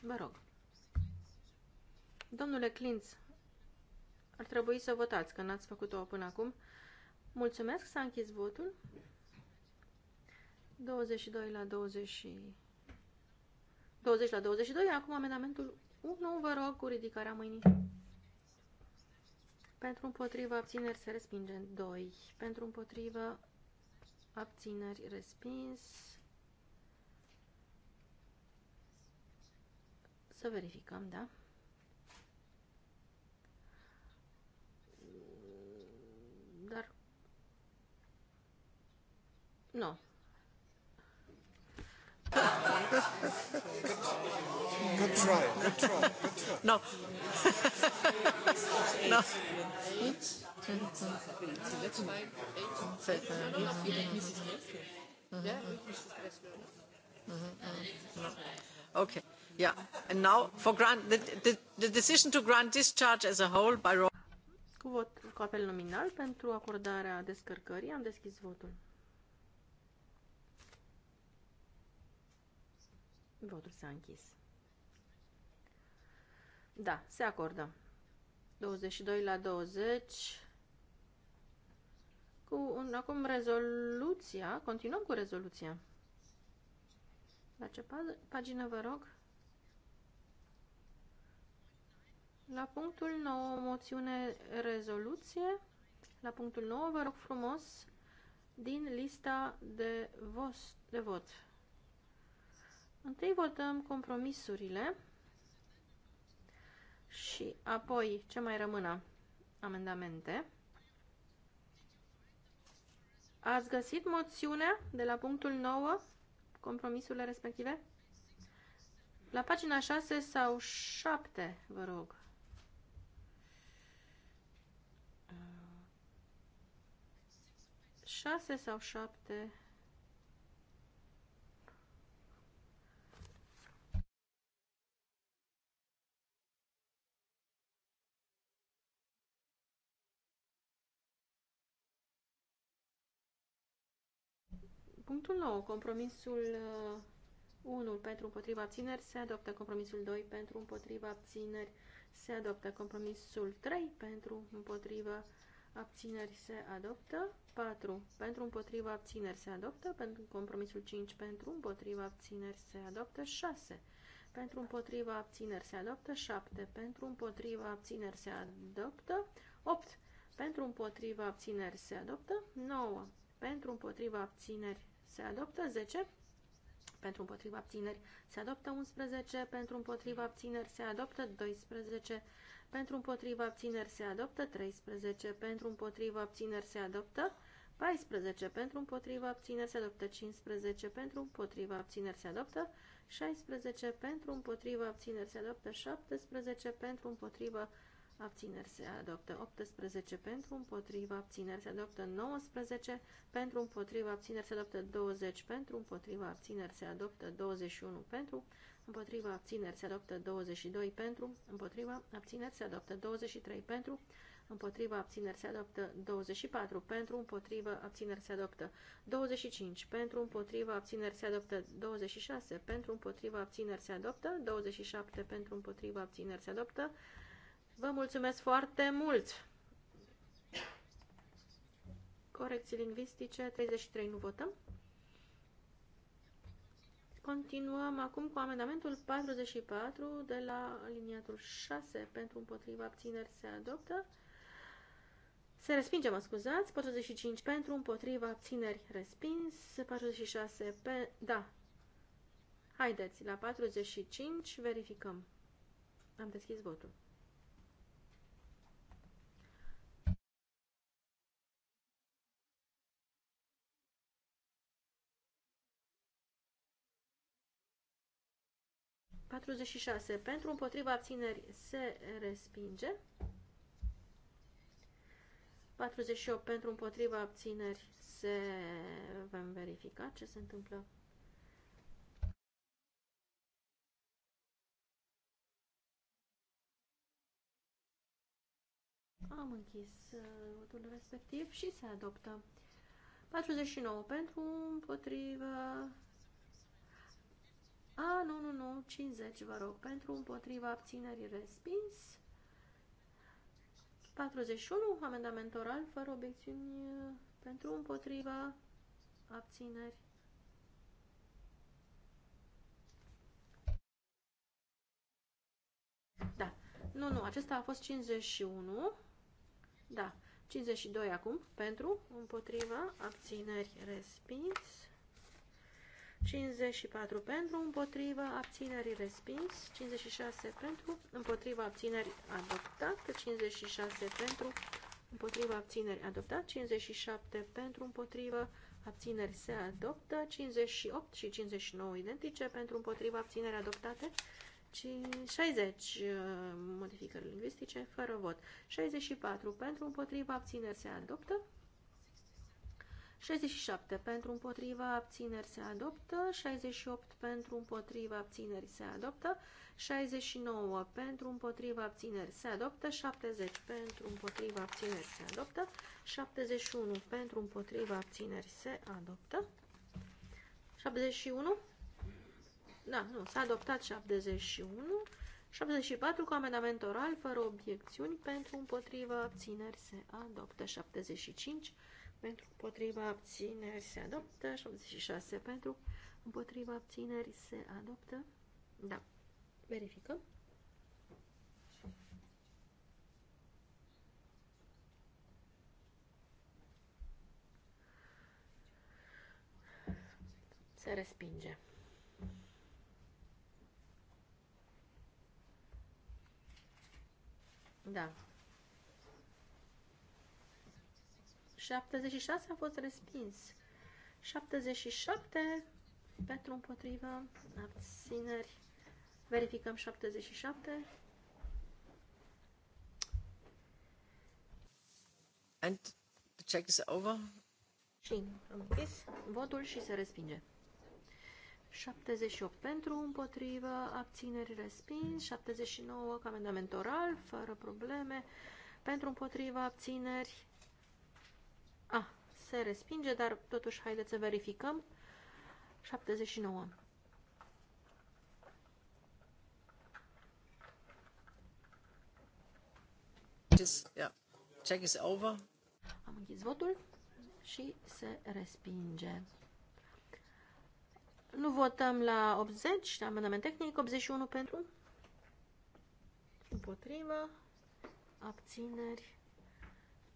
Vă rog. Domnule Clinț, ar trebui să votați, că n-ați făcut-o până acum. Mulțumesc, s-a închis votul. 22 la 20 20 la 22, acum amendamentul 1, vă rog, cu ridicarea mâinii. Pentru împotrivă, abțineri, se respinge. 2. Pentru împotrivă, abțineri, respins. Să verificăm, da? Dar... Nu. No. Good try. Good try. No. (laughs) no. Mm-hmm. Okay. Yeah. And now for grant the, the, the decision to grant discharge as a whole by Cu vot cu apel nominal pentru acordarea descărcării am deschis votul. Votul s-a închis. Da, se acordă. 22 la 20. Cu un, acum rezoluția. Continuăm cu rezoluția. La ce pagină vă rog? La punctul 9, moțiune rezoluție. La punctul 9, vă rog frumos, din lista de, vos, de vot. Întâi votăm compromisurile și apoi ce mai rămână? Amendamente. Ați găsit moțiunea de la punctul 9, compromisurile respective? La pagina 6 sau 7, vă rog. Șase sau șapte. Punctul 9. Compromisul 1 uh, pentru împotriva abțineri se adoptă. Compromisul 2 pentru împotriva abțineri se adoptă. Compromisul 3 pentru împotriva abțineri se adoptă. 4 pentru împotriva abțineri se adoptă. Pentru compromisul 5 pentru împotriva abțineri se adoptă. 6 pentru împotriva abțineri se adoptă. 7 pentru împotriva abțineri se adoptă. 8 pentru împotriva abțineri se adoptă. 9 pentru împotriva abțineri se adoptă 10 pentru împotriva abțineri, se adoptă 11 pentru împotriva abțineri, se adoptă 12 pentru împotriva abțineri, se adoptă 13 pentru împotriva abțineri, se adoptă 14 pentru împotriva abțineri, se adoptă 15 pentru împotriva abțineri, se adoptă 16 pentru împotriva abțineri, se adoptă 17 pentru împotriva abțineri, abțineri se adoptă 18 pentru, împotriva abțineri se adoptă 19 pentru, împotriva abțineri se adoptă 20 pentru, împotriva abțineri se adoptă 21 pentru, împotriva abțineri se adoptă 22 pentru, împotriva abțineri se adoptă 23 pentru, împotriva abțineri se adoptă 24 pentru, împotriva abțineri se adoptă 25 pentru, împotriva abțineri se adoptă 26 pentru, împotriva abțineri se adoptă 27 pentru, împotriva abțineri se adoptă Vă mulțumesc foarte mult! Corecții lingvistice, 33 nu votăm. Continuăm acum cu amendamentul 44 de la liniatul 6 pentru împotriva abțineri se adoptă. Se respinge, mă scuzați, 45 pentru, împotriva, abțineri, respins, 46 pe... da. Haideți, la 45 verificăm. Am deschis votul. 46. Pentru împotriva abțineri se respinge. 48. Pentru împotriva abțineri se... Vom verifica ce se întâmplă. Am închis uh, votul respectiv și se adoptă. 49. Pentru împotriva a, nu, nu, nu, 50, vă rog, pentru împotriva abținerii respins. 41, amendament oral, fără obiecțiuni, pentru împotriva abțineri. Da, nu, nu, acesta a fost 51, da, 52 acum, pentru împotriva abțineri respins. 54 pentru, împotriva abținerii respins, 56 pentru, împotriva abținerii adoptat, 56 pentru, împotriva abținerii adoptat, 57 pentru, împotriva abțineri se adoptă, 58 și 59 identice pentru, împotriva abținerii adoptate, 60 uh, modificări lingvistice fără vot, 64 pentru, împotriva abțineri se adoptă, 67 pentru împotriva abțineri se adoptă, 68 pentru împotriva abțineri se adoptă, 69 pentru împotriva abțineri se adoptă, 70 pentru împotriva abțineri se adoptă, 71 pentru împotriva abțineri se adoptă, 71, da, nu, s-a adoptat 71, 74 cu amendament oral fără obiecțiuni pentru împotriva abțineri se adoptă, 75 pentru împotriva abțineri se adoptă și 86 pentru împotriva abțineri se adoptă. Da. Verificăm. Se respinge. Da. 76 a fost respins. 77 pentru împotrivă, abțineri. Verificăm 77. And the check is over. Și am închis votul și se respinge. 78 pentru, împotrivă, abțineri respins, 79 ca amendament oral, fără probleme, pentru împotrivă, abțineri Ah, se respinge, dar totuși haideți să verificăm. 79. Yeah. Check is over. Am închis votul și se respinge. Nu votăm la 80, la amendament tehnic, 81 pentru, împotrivă, abțineri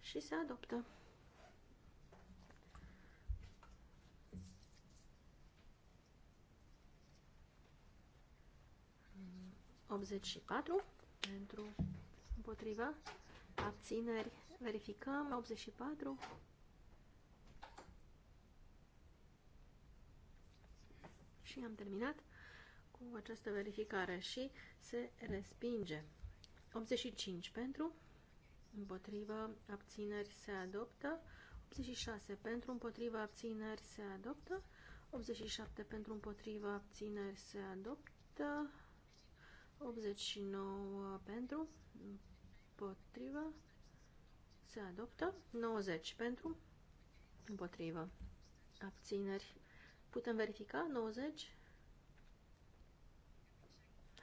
și se adoptă. 84 pentru împotriva abțineri. Verificăm 84. Și am terminat cu această verificare și se respinge. 85 pentru împotriva abțineri se adoptă. 86 pentru împotriva abțineri se adoptă. 87 pentru împotriva abțineri se adoptă. 89 pentru, împotrivă, se adoptă. 90 pentru, împotrivă, abțineri. Putem verifica 90?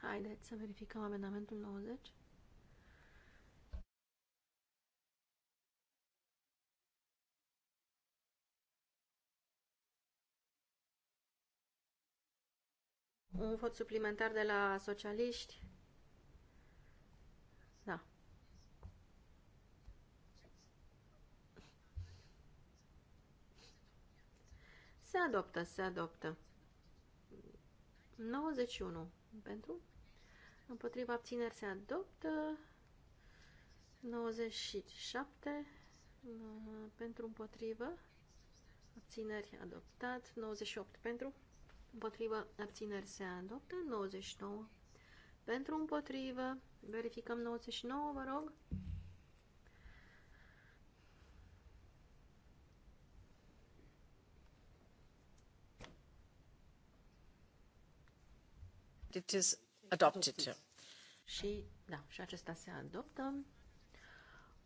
Haideți să verificăm amendamentul 90. Un vot suplimentar de la socialiști? Da. Se adoptă, se adoptă. 91 pentru. Împotriva abțineri se adoptă. 97 pentru împotrivă. Abțineri adoptat. 98 pentru împotrivă, abțineri se adoptă, 99 pentru, împotrivă, verificăm 99, vă rog. It is adopted. Și, da, și acesta se adoptă.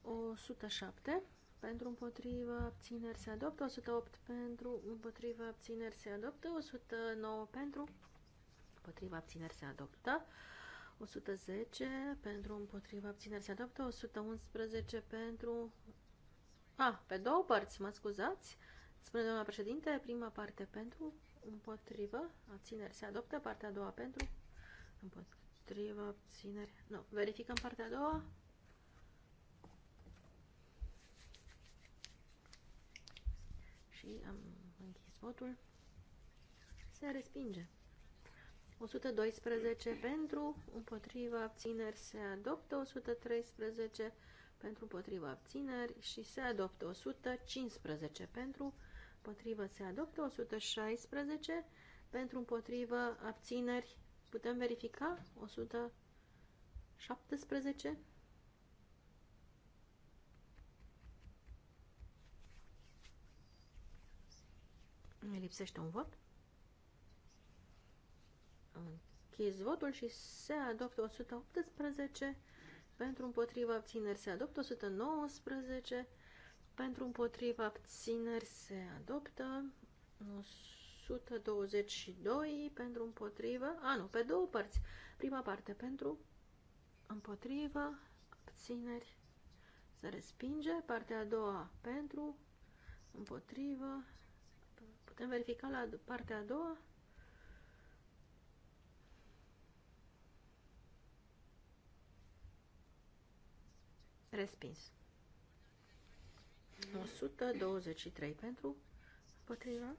107 pentru împotrivă abțineri se adoptă, 108 pentru împotrivă abțineri se adoptă, 109 pentru împotrivă abțineri se adoptă, 110 pentru împotrivă abțineri se adoptă, 111 pentru... A, ah, pe două părți, mă scuzați, spune doamna președinte, prima parte pentru împotrivă abțineri se adoptă, partea a doua pentru împotrivă abțineri... Nu, verificăm partea a doua. și am închis votul. Se respinge. 112 pentru, împotriva abțineri se adoptă, 113 pentru împotriva abțineri și se adoptă 115 pentru împotriva se adoptă 116 pentru împotriva abțineri putem verifica 117 Ne lipsește un vot. Închis votul și se adoptă 118 pentru împotriva abțineri se adoptă 119 pentru împotriva abțineri se adoptă 122 pentru împotriva a nu, pe două părți prima parte pentru împotriva abțineri se respinge partea a doua pentru împotriva Putem verifica la partea a doua. Respins. 123 pentru, împotriva,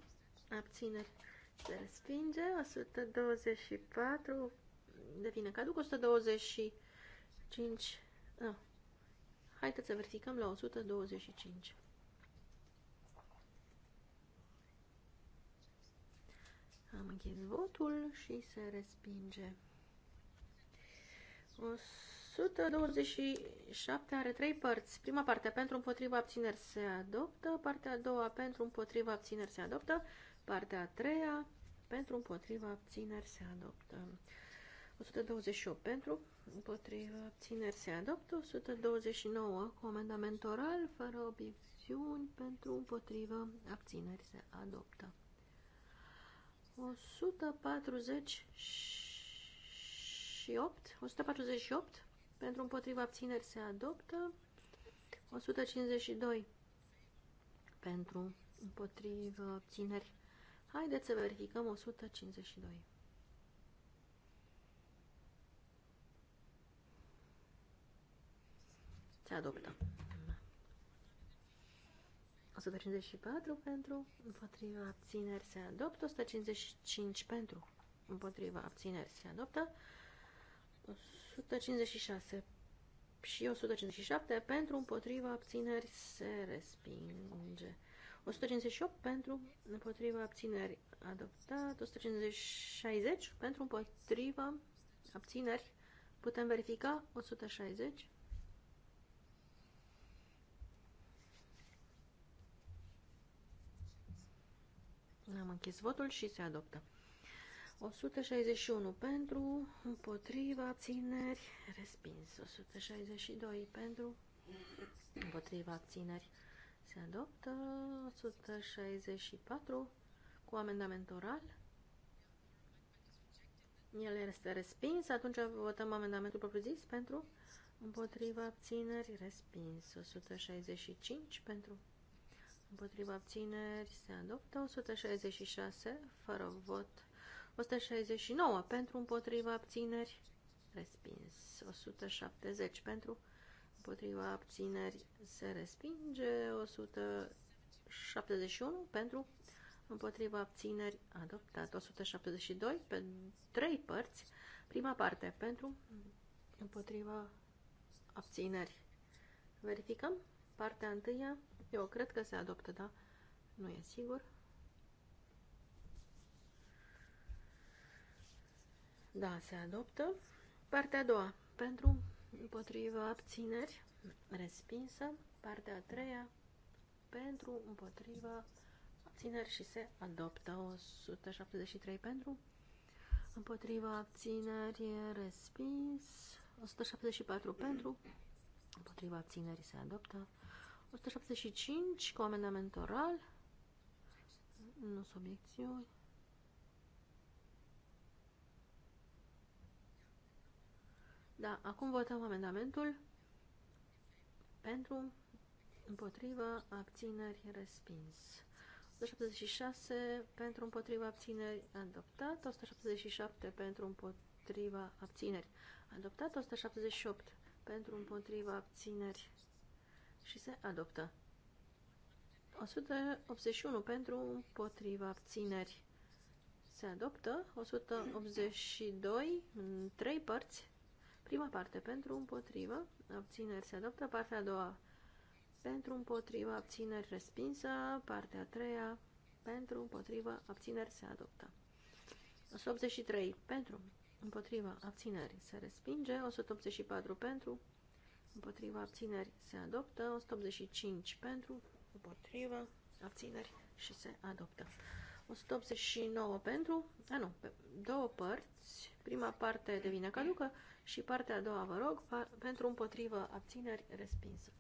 abțineri, se respinge, 124 devine caduc, 125, ah. haideți să verificăm la 125. Închis votul și se respinge. 127 are trei părți. Prima parte pentru împotriva abțineri se adoptă, partea a doua pentru împotriva abțineri se adoptă, partea a treia pentru împotriva abțineri se adoptă. 128 pentru, împotriva abțineri se adoptă, 129 cu amendament oral, fără obiecțiuni, pentru împotriva abțineri se adoptă. 148, 148 pentru împotriva abțineri se adoptă, 152 pentru împotriva abțineri. Haideți să verificăm 152. Se adoptă. 154 pentru, împotriva abțineri se adoptă, 155 pentru, împotriva abțineri se adoptă, 156 și 157 pentru, împotriva abțineri se respinge, 158 pentru, împotriva abțineri adoptat, 160 pentru, împotriva abțineri putem verifica, 160 Am închis votul și se adoptă. 161 pentru, împotriva, abțineri, respins. 162 pentru, împotriva, abțineri, se adoptă. 164 cu amendament oral. El este respins, atunci votăm amendamentul propriu-zis pentru, împotriva, abțineri, respins. 165 pentru, împotriva abțineri se adoptă. 166 fără vot. 169 pentru împotriva abțineri respins. 170 pentru împotriva abțineri se respinge. 171 pentru împotriva abțineri adoptat. 172 pe trei părți. Prima parte pentru împotriva abțineri. Verificăm. Partea întâia, eu cred că se adoptă, da? Nu e sigur. Da, se adoptă. Partea a doua, pentru împotriva abțineri, respinsă. Partea a treia, pentru împotriva abțineri și se adoptă 173 pentru. Împotriva abțineri, respins. 174 pentru. Împotriva abținerii se adoptă. 175 cu amendament oral. Nu sunt obiecțiuni. Da, acum votăm amendamentul pentru, împotrivă, abțineri, respins. 176 pentru împotriva abțineri adoptat, 177 pentru împotriva abțineri adoptat, 178 pentru împotriva abțineri și se adoptă. 181 pentru împotriva abțineri se adoptă. 182 în trei părți. Prima parte pentru împotriva abțineri se adoptă. Partea a doua pentru împotriva abțineri respinsă. Partea a treia pentru împotriva abțineri se adoptă. 183 pentru împotriva abțineri se respinge. 184 pentru împotriva abțineri se adoptă, 185 pentru, împotriva abțineri și se adoptă. 189 pentru, a nu, pe două părți, prima parte devine caducă și partea a doua, vă rog, pentru împotrivă abțineri respinsă.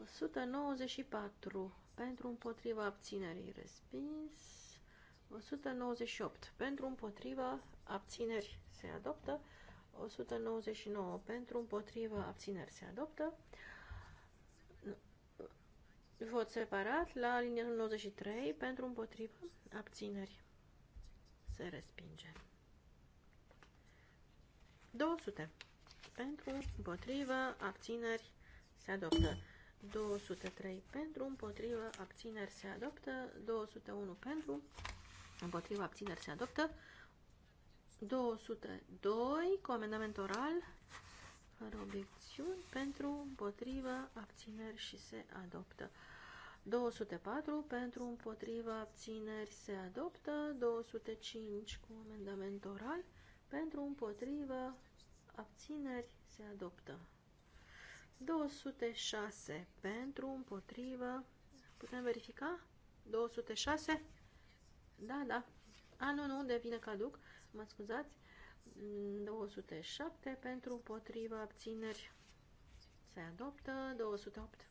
194 pentru împotriva abținerii respins. 198 pentru împotriva abțineri se adoptă. 199 pentru, împotrivă, abțineri se adoptă. Vot separat la linia 93 pentru, împotrivă, abțineri se respinge. 200 pentru, împotrivă, abțineri se adoptă. 203 pentru, împotrivă, abțineri se adoptă. 201 pentru, împotrivă, abțineri se adoptă. 202 cu amendament oral, fără obiecțiuni, pentru, împotrivă, abțineri și se adoptă. 204 pentru, împotrivă, abțineri se adoptă. 205 cu amendament oral, pentru, împotrivă, abțineri se adoptă. 206 pentru, împotrivă, putem verifica? 206? Da, da. A, nu, nu, devine caduc mă scuzați, 207 pentru împotriva abțineri se adoptă, 208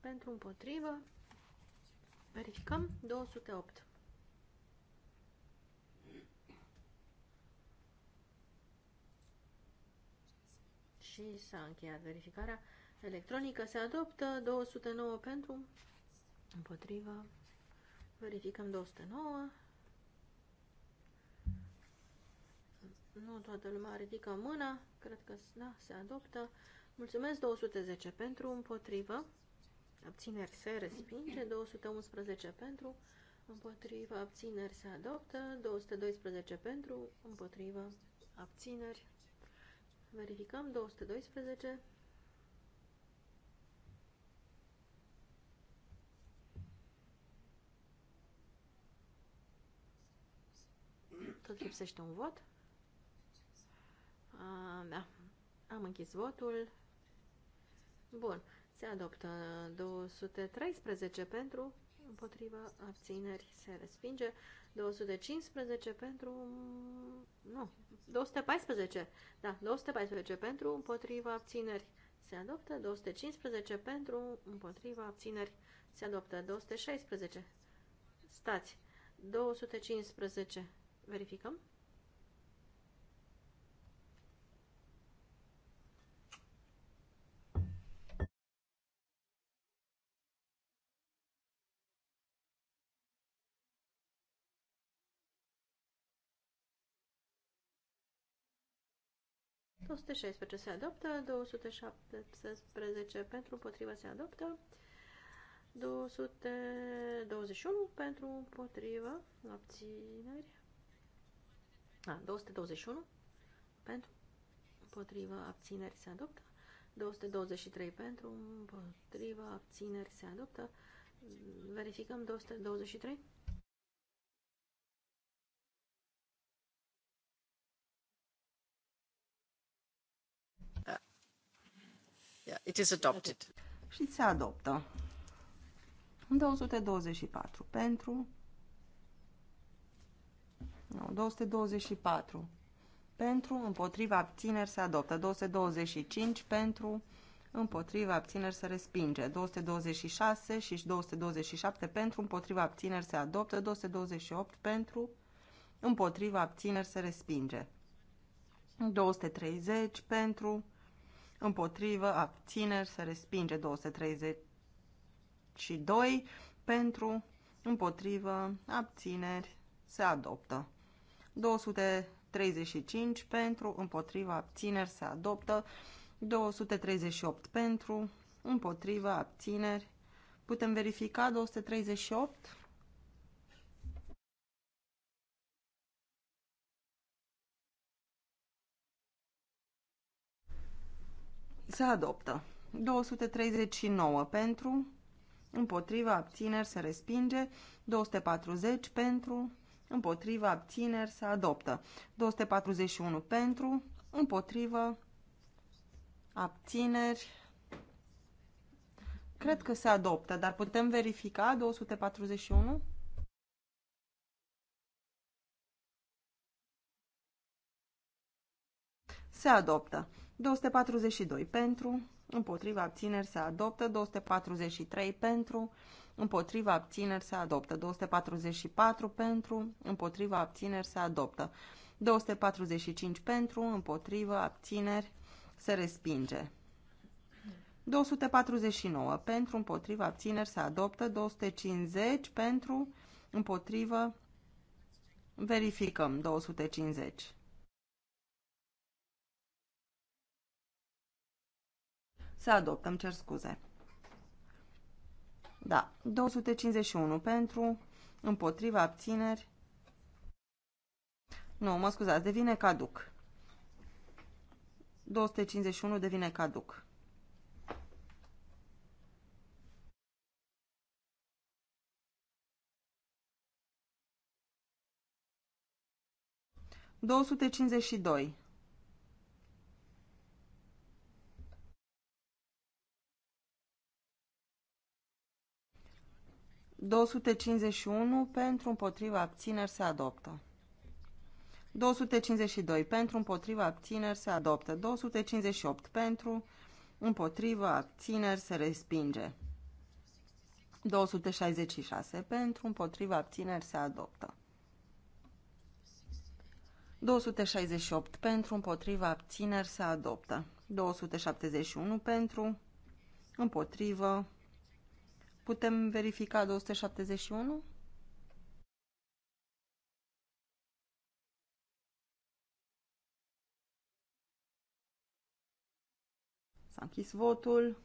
pentru împotrivă, verificăm, 208. Și s-a încheiat verificarea electronică, se adoptă, 209 pentru împotrivă. verificăm 209. Nu toată lumea ridică mâna. Cred că da, se adoptă. Mulțumesc 210 pentru, împotrivă. Abțineri se respinge. 211 pentru, împotrivă. Abțineri se adoptă. 212 pentru, împotrivă. Abțineri. Verificăm 212. Tot lipsește un vot. A, da. Am închis votul. Bun. Se adoptă 213 pentru, împotriva, abțineri, se respinge. 215 pentru, nu, 214, da, 214 pentru, împotriva, abțineri, se adoptă. 215 pentru, împotriva, abțineri, se adoptă. 216, stați, 215, verificăm. 116 se adoptă, 217 pentru împotriva se adoptă, 221 pentru împotriva abțineri, a, 221 pentru împotriva abțineri se adoptă, 223 pentru împotriva abțineri se adoptă, verificăm 223. Yeah, it is adopted. Și se adoptă. 224 pentru. Nu, 224 pentru, împotriva abțineri se adoptă. 225 pentru, împotriva abțineri se respinge. 226 și 227 pentru, împotriva abțineri se adoptă. 228 pentru, împotriva abțineri se respinge. 230 pentru, împotrivă, abțineri, se respinge 232, pentru, împotrivă, abțineri, se adoptă. 235 pentru, împotrivă, abțineri, se adoptă. 238 pentru, împotrivă, abțineri. Putem verifica 238? Se adoptă. 239 pentru, împotriva abțineri se respinge, 240 pentru, împotriva abțineri se adoptă, 241 pentru, împotriva abțineri, cred că se adoptă, dar putem verifica 241? Se adoptă. 242 pentru, împotriva abțineri se adoptă, 243 pentru, împotriva abțineri se adoptă, 244 pentru, împotriva abțineri se adoptă, 245 pentru, împotriva abțineri se respinge. 249 pentru, împotriva abțineri se adoptă, 250 pentru, împotrivă, verificăm 250. Se adoptă, îmi cer scuze. Da, 251 pentru, împotriva, abțineri. Nu, mă scuzați, devine caduc. 251 devine caduc. Două 251 pentru împotriva abțineri se adoptă. 252 pentru împotriva abțineri se adoptă. 258 pentru împotriva abțineri se respinge. 266 pentru împotriva abțineri se adoptă. 268 pentru împotriva abțineri se adoptă. 271 pentru împotrivă Putem verifica 271? S-a închis votul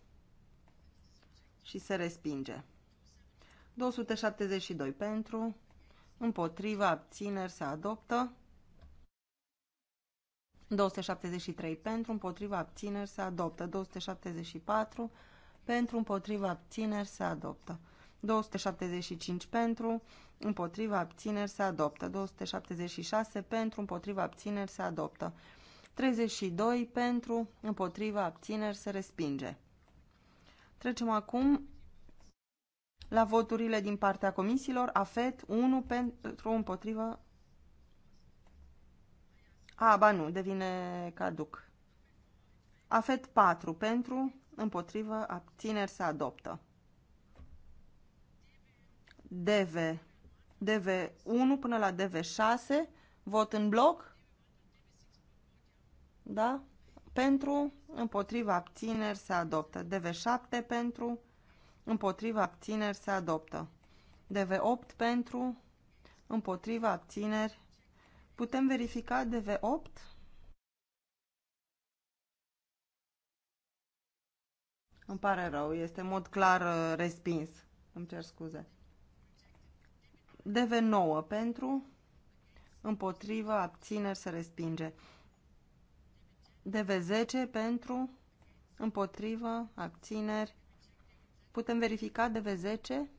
și se respinge. 272 pentru, împotriva, abțineri, se adoptă. 273 pentru, împotriva, abțineri, se adoptă. 274 pentru, împotriva abțineri se adoptă. 275 pentru, împotriva abțineri se adoptă. 276 pentru, împotriva abțineri se adoptă. 32 pentru, împotriva abțineri se respinge. Trecem acum la voturile din partea comisiilor. AFET 1 pentru, împotriva... A, ba nu, devine caduc. AFET 4 pentru, împotrivă, abțineri se adoptă. DV, DV1 până la DV6, vot în bloc, da? Pentru, împotriva abțineri se adoptă. DV7 pentru, împotriva abțineri se adoptă. DV8 pentru, împotriva abțineri. Putem verifica DV8? Îmi pare rău, este în mod clar uh, respins. Îmi cer scuze. DV9 pentru, împotrivă, abțineri, se respinge. DV10 pentru, împotrivă, abțineri. Putem verifica DV10?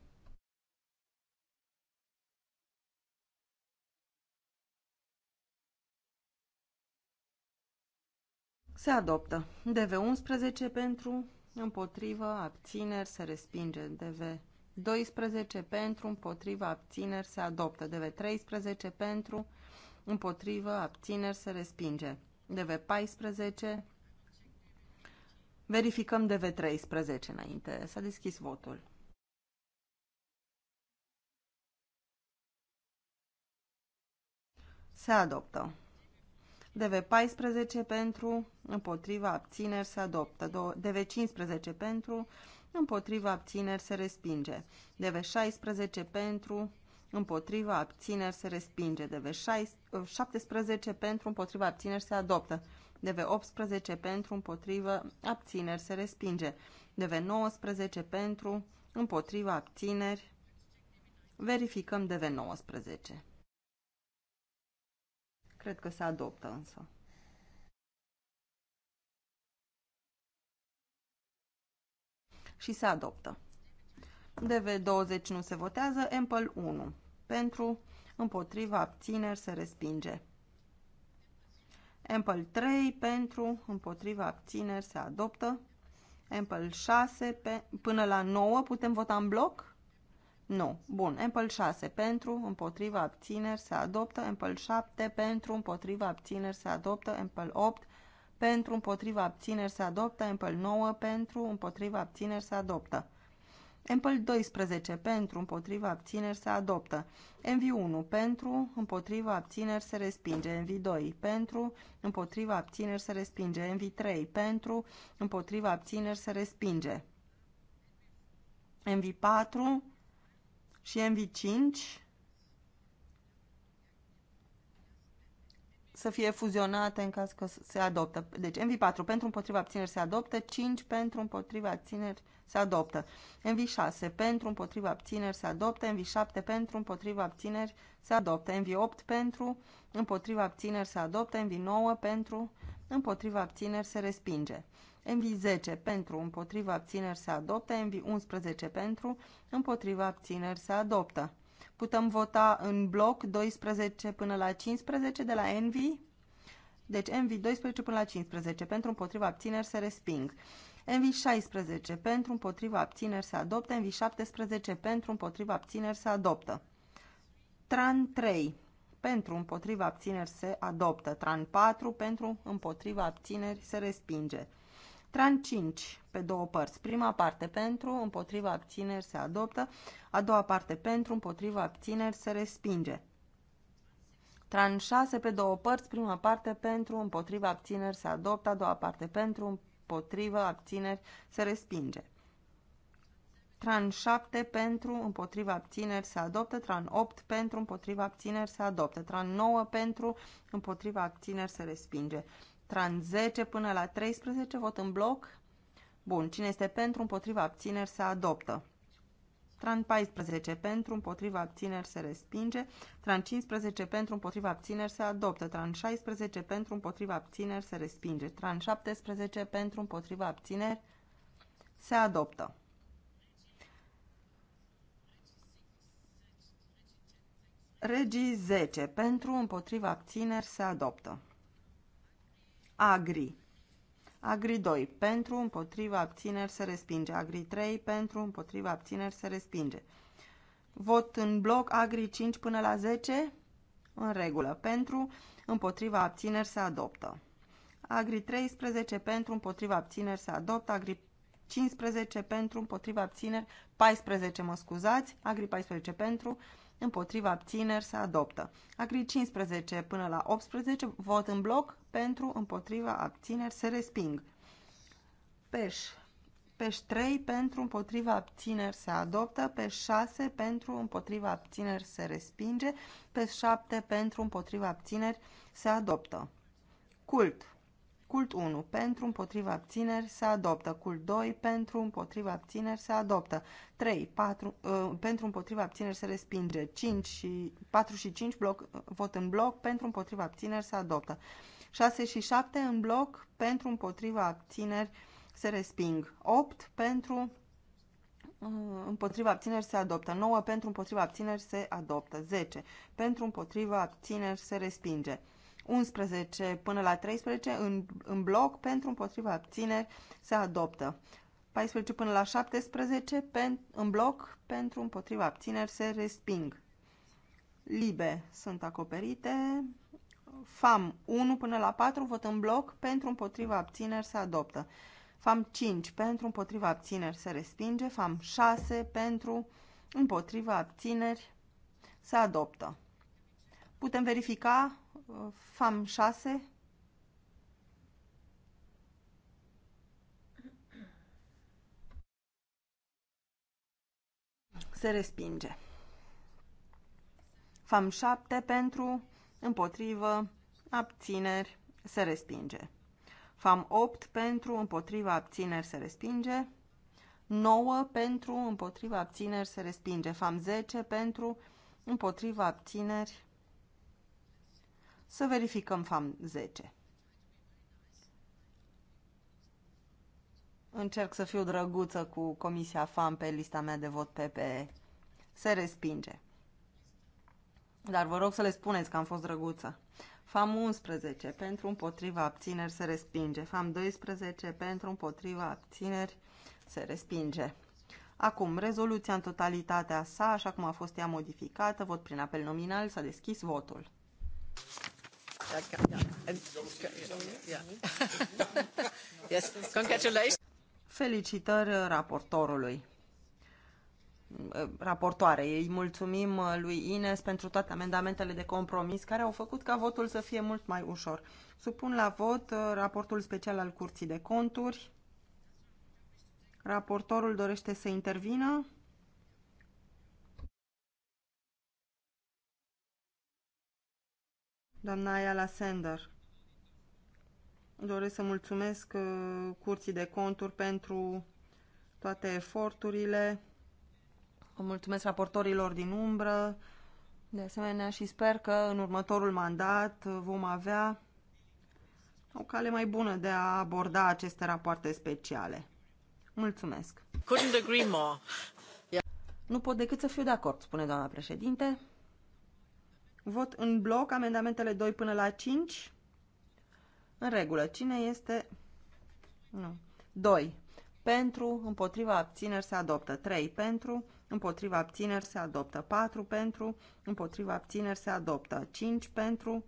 Se adoptă. DV11 pentru, împotrivă, abțineri, se respinge. DV 12 pentru, împotrivă, abțineri, se adoptă. DV 13 pentru, împotrivă, abțineri, se respinge. DV 14, verificăm DV 13 înainte. S-a deschis votul. Se adoptă. DV14 pentru, împotriva abțineri se adoptă. DV15 pentru, împotriva abțineri se respinge. DV16 pentru, împotriva abțineri se respinge. DV17 pentru, împotriva abțineri se adoptă. DV18 pentru, împotriva abțineri se respinge. DV19 pentru, împotriva abțineri. Verificăm DV19. Cred că se adoptă însă. Și se adoptă. DV20 nu se votează, Ample 1. Pentru, împotriva, abțineri, se respinge. Ample 3 pentru, împotriva, abțineri, se adoptă. Ample 6 pe, până la 9 putem vota în bloc? Nu. Bun. Apple 6 pentru, împotriva, abțineri, se adoptă. Apple 7 pentru, împotriva, abțineri, se adoptă. Apple 8 pentru, împotriva, abțineri, se adoptă. Apple 9 pentru, împotriva, abțineri, se adoptă. Apple 12 pentru, împotriva, abțineri, se adoptă. MV1 pentru, împotriva, abțineri, se respinge. MV2 pentru, împotriva, abțineri, se respinge. MV3 pentru, împotriva, abțineri, se respinge. MV4 și MV5 să fie fuzionate în caz că se adoptă. Deci MV4 pentru împotriva abțineri se adoptă, 5 pentru împotriva abțineri se adoptă, MV6 pentru împotriva abțineri se adoptă, MV7 pentru împotriva abțineri se adoptă, MV8 pentru împotriva abțineri se adoptă, MV9 pentru împotriva abțineri se respinge. MV10 pentru, împotriva abțineri se adoptă, MV11 pentru, împotriva abțineri se adoptă. Putem vota în bloc 12 până la 15 de la NV. Deci NV12 până la 15 pentru împotriva abțineri se resping. NV16 pentru împotriva abțineri se adoptă, NV17 pentru împotriva abțineri se adoptă. Tran 3 pentru împotriva abțineri se adoptă, Tran 4 pentru împotriva abțineri se respinge. Tran 5 pe două părți. Prima parte pentru, împotriva abțineri se adoptă. A doua parte pentru, împotriva abțineri se respinge. Tran 6 pe două părți. Prima parte pentru, împotriva abțineri se adoptă. A doua parte pentru, împotriva abțineri se respinge. Tran 7 pentru, împotriva abțineri se adoptă, tran 8 pentru, împotriva abțineri se adoptă, tran 9 pentru, împotriva abțineri se respinge, Tran 10 până la 13, vot în bloc. Bun, cine este pentru, împotriva, abțineri, se adoptă. Tran 14 pentru, împotriva abțineri se respinge. Tran 15 pentru, împotriva abțineri se adoptă. Tran 16 pentru, împotriva abțineri se respinge. Tran 17 pentru, împotriva abțineri se adoptă. Regii 10 pentru, împotriva abțineri se adoptă. Agri. Agri 2. Pentru, împotriva, abțineri, se respinge. Agri 3. Pentru, împotriva, abțineri, se respinge. Vot în bloc Agri 5 până la 10? În regulă. Pentru, împotriva, abțineri, se adoptă. Agri 13 pentru, împotriva, abțineri, se adoptă. Agri 15 pentru, împotriva, abțineri, 14, mă scuzați. Agri 14 pentru, împotriva abțineri se adoptă. Agri 15 până la 18, vot în bloc, pentru, împotriva abțineri se resping. Peș. Peș 3 pentru, împotriva abțineri se adoptă, peș 6 pentru, împotriva abțineri se respinge, peș 7 pentru, împotriva abțineri se adoptă. Cult. Cult 1 pentru, împotriva abțineri se adoptă. Cult 2 pentru, împotriva abțineri se adoptă. 3 4, uh, pentru, împotriva abțineri se respinge. 5 și 4 și 5 bloc, uh, vot în bloc pentru, împotriva abțineri se adoptă. 6 și 7 în bloc pentru, împotriva abțineri se resping. 8 uh, pentru, împotriva abțineri se adoptă, 9 pentru împotriva abțineri se adoptă, 10 pentru împotriva abțineri se respinge, 11 până la 13 în, în bloc pentru împotriva abțineri se adoptă. 14 până la 17 pen, în bloc pentru împotriva abțineri se resping. Libe sunt acoperite. FAM 1 până la 4 vot în bloc pentru împotriva abțineri se adoptă. FAM 5 pentru împotriva abțineri se respinge. FAM 6 pentru împotriva abțineri se adoptă. Putem verifica FAM 6. Se respinge. FAM 7 pentru, împotrivă, abțineri, se respinge. FAM 8 pentru, împotrivă, abțineri, se respinge. 9 pentru, împotrivă, abțineri, se respinge. FAM 10 pentru, împotrivă, abțineri, să verificăm FAM 10. Încerc să fiu drăguță cu Comisia FAM pe lista mea de vot PPE. Se respinge. Dar vă rog să le spuneți că am fost drăguță. FAM 11 pentru împotriva abțineri se respinge. FAM 12 pentru împotriva abțineri se respinge. Acum, rezoluția în totalitatea sa, așa cum a fost ea modificată, vot prin apel nominal, s-a deschis votul yeah. And, yeah. yes, congratulations. Felicitări raportorului. Raportoare, îi mulțumim lui Ines pentru toate amendamentele de compromis care au făcut ca votul să fie mult mai ușor. Supun la vot uh, raportul special al Curții de Conturi. Raportorul dorește să intervină. Doamna Ayala Sender, doresc să mulțumesc uh, Curții de Conturi pentru toate eforturile. Vă mulțumesc raportorilor din umbră, de asemenea, și sper că în următorul mandat uh, vom avea o cale mai bună de a aborda aceste rapoarte speciale. Mulțumesc! Couldn't agree more. Yeah. Nu pot decât să fiu de acord, spune doamna președinte. Vot în bloc amendamentele 2 până la 5. În regulă. Cine este? Nu. 2. Pentru, împotriva abțineri se adoptă. 3. Pentru, împotriva abțineri se adoptă. 4. Pentru, împotriva abțineri se adoptă. 5. Pentru,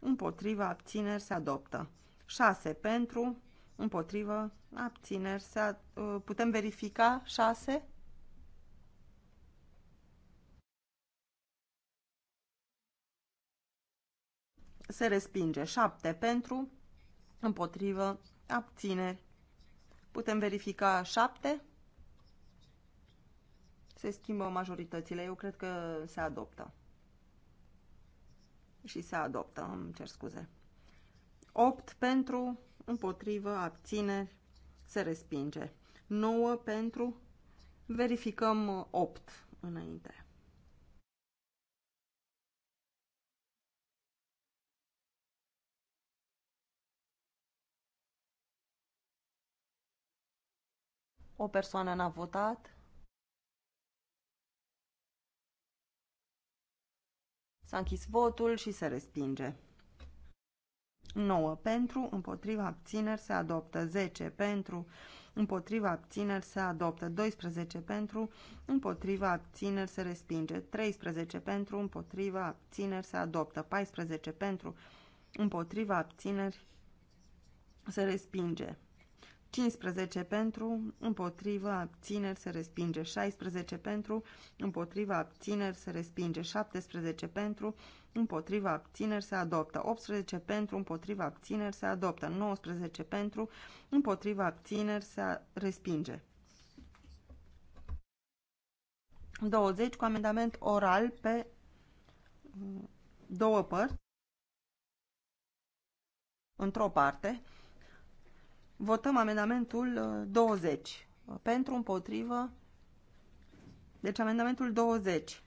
împotriva abțineri se adoptă. 6. Pentru, împotriva abțineri se ad... Uh, putem verifica 6? se respinge. 7 pentru, împotrivă, abțineri. Putem verifica 7. Se schimbă majoritățile. Eu cred că se adoptă. Și se adoptă, îmi cer scuze. 8 pentru, împotrivă, abțineri, se respinge. 9 pentru, verificăm 8 înainte. O persoană n-a votat. S-a închis votul și se respinge. 9 pentru, împotriva abțineri se adoptă. 10 pentru, împotriva abțineri se adoptă. 12 pentru, împotriva abțineri se respinge. 13 pentru, împotriva abțineri se adoptă. 14 pentru, împotriva abțineri se respinge. 15 pentru, împotriva, abțineri, se respinge. 16 pentru, împotriva, abțineri, se respinge. 17 pentru, împotriva, abțineri, se adoptă. 18 pentru, împotriva, abțineri, se adoptă. 19 pentru, împotriva, abțineri, se respinge. 20 cu amendament oral pe mm, două părți, într-o parte, Votăm amendamentul 20. Uh, pentru, împotrivă. Deci amendamentul 20.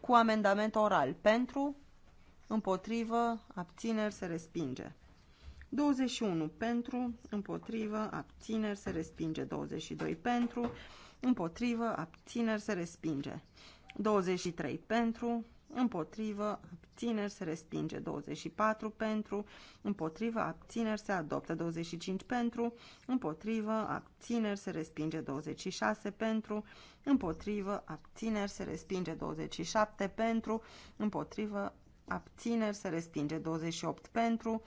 Cu amendament oral. Pentru, împotrivă, abțineri, se respinge. 21 pentru, împotrivă, abțineri, se respinge. 22 pentru, împotrivă, abțineri, se respinge. 23 pentru, împotrivă, abțineri, se respinge 24 pentru, împotrivă, abțineri, se adoptă 25 pentru, împotrivă, abțineri, se respinge 26 pentru, împotrivă, abțineri, se respinge 27 pentru, împotrivă, abțineri, se respinge 28 pentru,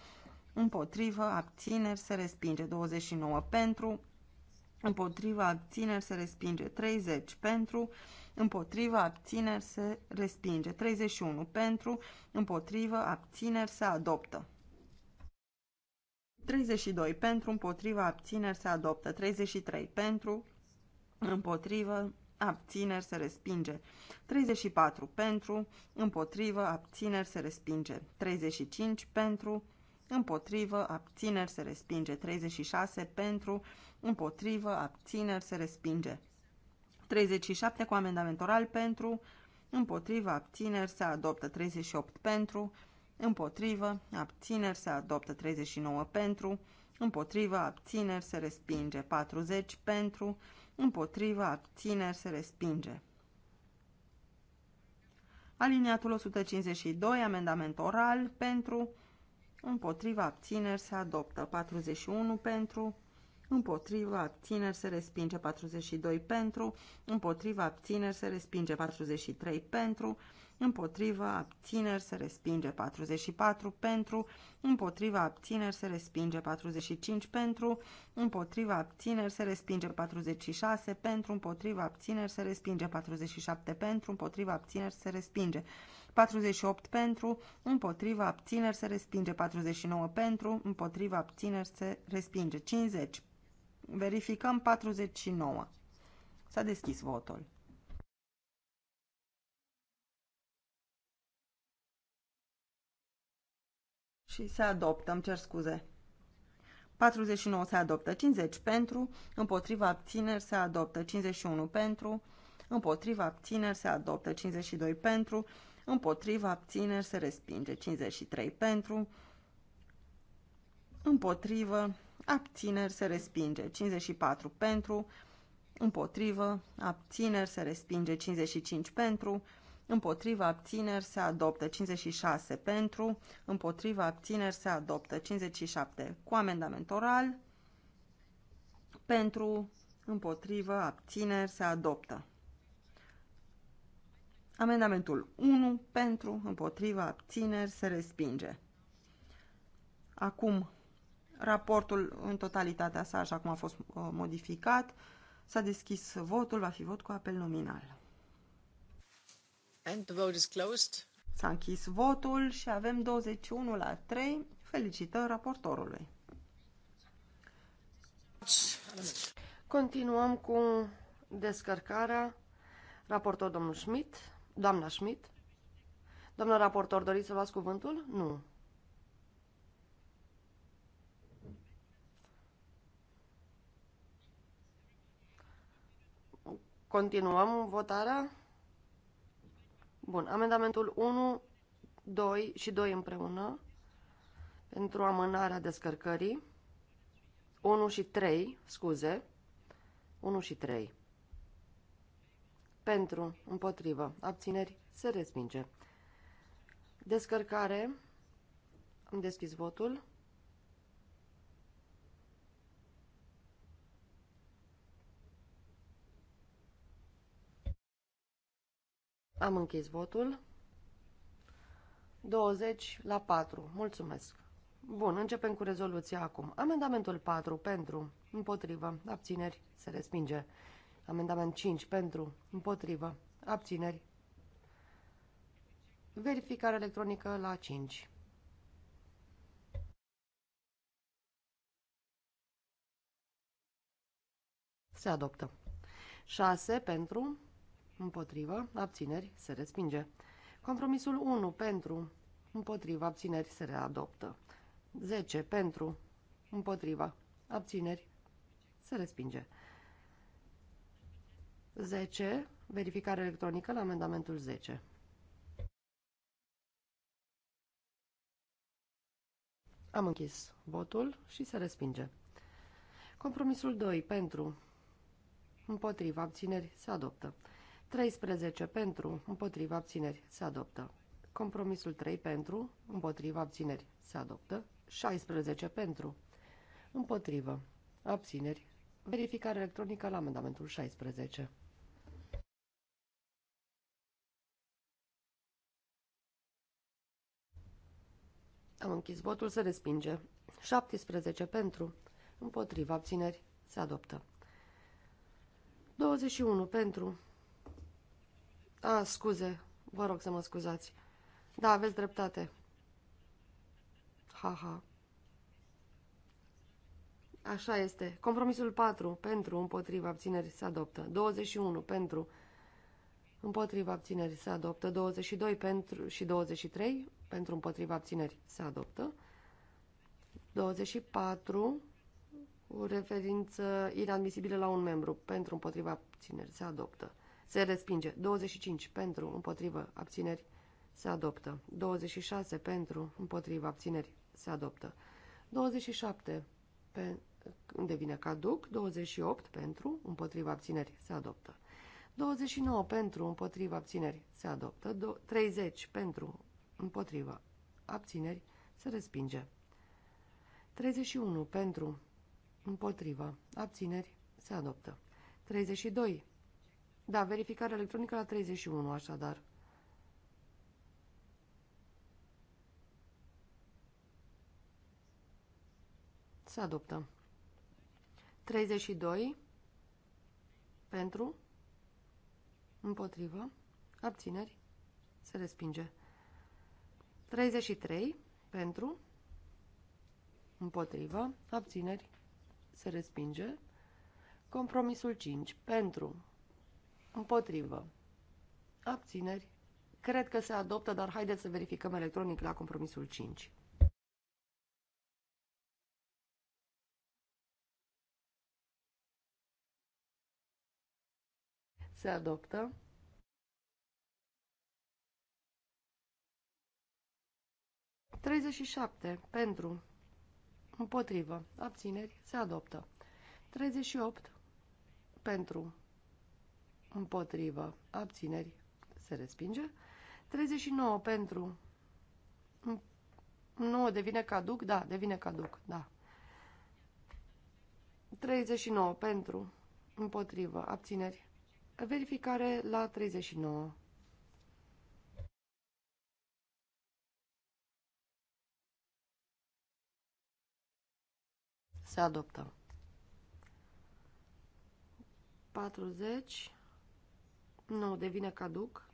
împotrivă, abțineri, se respinge 29 pentru, împotrivă, abțineri, se respinge 30 pentru, împotrivă, abțineri, se respinge. 31 pentru, împotrivă, abțineri, se adoptă. 32 pentru, împotrivă, abțineri, se adoptă. 33 pentru, împotrivă, abțineri, se respinge. 34 pentru, împotrivă, abțineri, se respinge. 35 pentru, împotrivă, abțineri, se respinge. 36 pentru, împotrivă, abțineri, se respinge. 37 cu amendament oral pentru, împotrivă, abțineri, se adoptă 38 pentru, împotrivă, abțineri, se adoptă 39 pentru, împotrivă, abțineri, se respinge 40 pentru, împotrivă, abțineri, se respinge. Aliniatul 152, amendament oral pentru, împotriva abțineri se adoptă 41 pentru, împotriva abțineri se respinge 42 pentru, împotriva abțineri se respinge 43 pentru, împotriva abțineri se respinge 44 pentru, împotriva abțineri se respinge 45 pentru, împotriva abțineri se respinge 46 pentru, împotriva abțineri se respinge 47 pentru, împotriva abțineri se respinge 48 pentru, împotriva abțineri se respinge 49 pentru, împotriva abțineri se respinge 50 Verificăm 49. S-a deschis votul. Și se adoptă, îmi cer scuze. 49 se adoptă, 50 pentru, împotriva abțineri se adoptă, 51 pentru, împotriva abțineri se adoptă, 52 pentru, împotriva abțineri se respinge, 53 pentru, împotrivă abțineri se respinge, 54 pentru, împotrivă, abțineri se respinge, 55 pentru, împotriva abțineri se adoptă 56 pentru, împotriva abțineri se adoptă 57 cu amendament oral, pentru, împotriva abțineri se adoptă. Amendamentul 1 pentru, împotriva abțineri se respinge. Acum raportul în totalitatea sa, așa cum a fost uh, modificat. S-a deschis votul, va fi vot cu apel nominal. And the vote is closed. S-a închis votul și avem 21 la 3. Felicitări raportorului. Continuăm cu descărcarea. Raportor domnul Schmidt, doamna Schmidt. Doamna raportor, doriți să luați cuvântul? Nu. Continuăm votarea. Bun, amendamentul 1, 2 și 2 împreună pentru amânarea descărcării. 1 și 3, scuze. 1 și 3. Pentru, împotrivă, abțineri, se respinge. Descărcare. Am deschis votul. Am închis votul. 20 la 4. Mulțumesc. Bun, începem cu rezoluția acum. Amendamentul 4 pentru, împotrivă, abțineri, se respinge. Amendament 5 pentru, împotrivă, abțineri. Verificare electronică la 5. Se adoptă. 6 pentru, împotrivă, abțineri, se respinge. Compromisul 1 pentru, împotrivă, abțineri, se readoptă. 10 pentru, împotrivă, abțineri, se respinge. 10. Verificare electronică la amendamentul 10. Am închis votul și se respinge. Compromisul 2. Pentru. Împotriva. Abțineri. Se adoptă. 13 pentru, împotriva abțineri, se adoptă. Compromisul 3 pentru, împotriva abțineri, se adoptă. 16 pentru, împotrivă, abțineri, verificare electronică la amendamentul 16. Am închis votul, se respinge. 17 pentru, împotriva abțineri, se adoptă. 21 pentru, a, scuze. Vă rog să mă scuzați. Da, aveți dreptate. Ha -ha. Așa este. Compromisul 4. Pentru, împotriva, abțineri se adoptă. 21. Pentru, împotriva, abțineri se adoptă. 22 pentru și 23. Pentru, împotriva, abțineri se adoptă. 24. O referință inadmisibilă la un membru. Pentru, împotriva, abțineri se adoptă. Se respinge. 25 pentru, împotrivă, abțineri, se adoptă. 26 pentru, împotrivă, abțineri, se adoptă. 27 pe, devine caduc. 28 pentru, împotrivă, abțineri, se adoptă. 29 pentru, împotrivă, abțineri, se adoptă. 30 pentru, împotrivă, abțineri, se respinge. 31 pentru, împotrivă, abțineri, se adoptă. 32 da, verificare electronică la 31, așadar. Se adoptă. 32 pentru, împotrivă, abțineri, se respinge. 33 pentru, împotrivă, abțineri, se respinge. Compromisul 5 pentru, Împotrivă. Abțineri. Cred că se adoptă, dar haideți să verificăm electronic la compromisul 5. Se adoptă. Treizeci și șapte. Pentru. Împotrivă. Abțineri. Se adoptă. Treizeci și opt. Pentru împotrivă, abțineri, se respinge. 39 pentru, 9 devine caduc, da, devine caduc, da. 39 pentru, împotrivă, abțineri, verificare la 39. Se adoptă. 40 nu, devine caduc.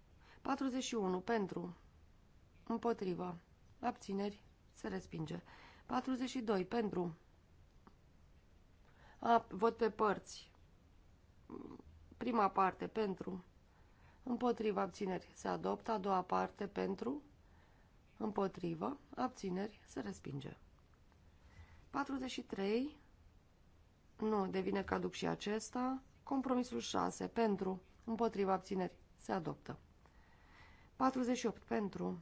41. Pentru. Împotrivă. Abțineri. Se respinge. 42. Pentru. A, văd pe părți. Prima parte. Pentru. Împotrivă. Abțineri. Se adoptă. A doua parte. Pentru. Împotrivă. Abțineri. Se respinge. 43. Nu, devine caduc și acesta. Compromisul 6. Pentru. Împotriva abțineri. Se adoptă. 48 pentru.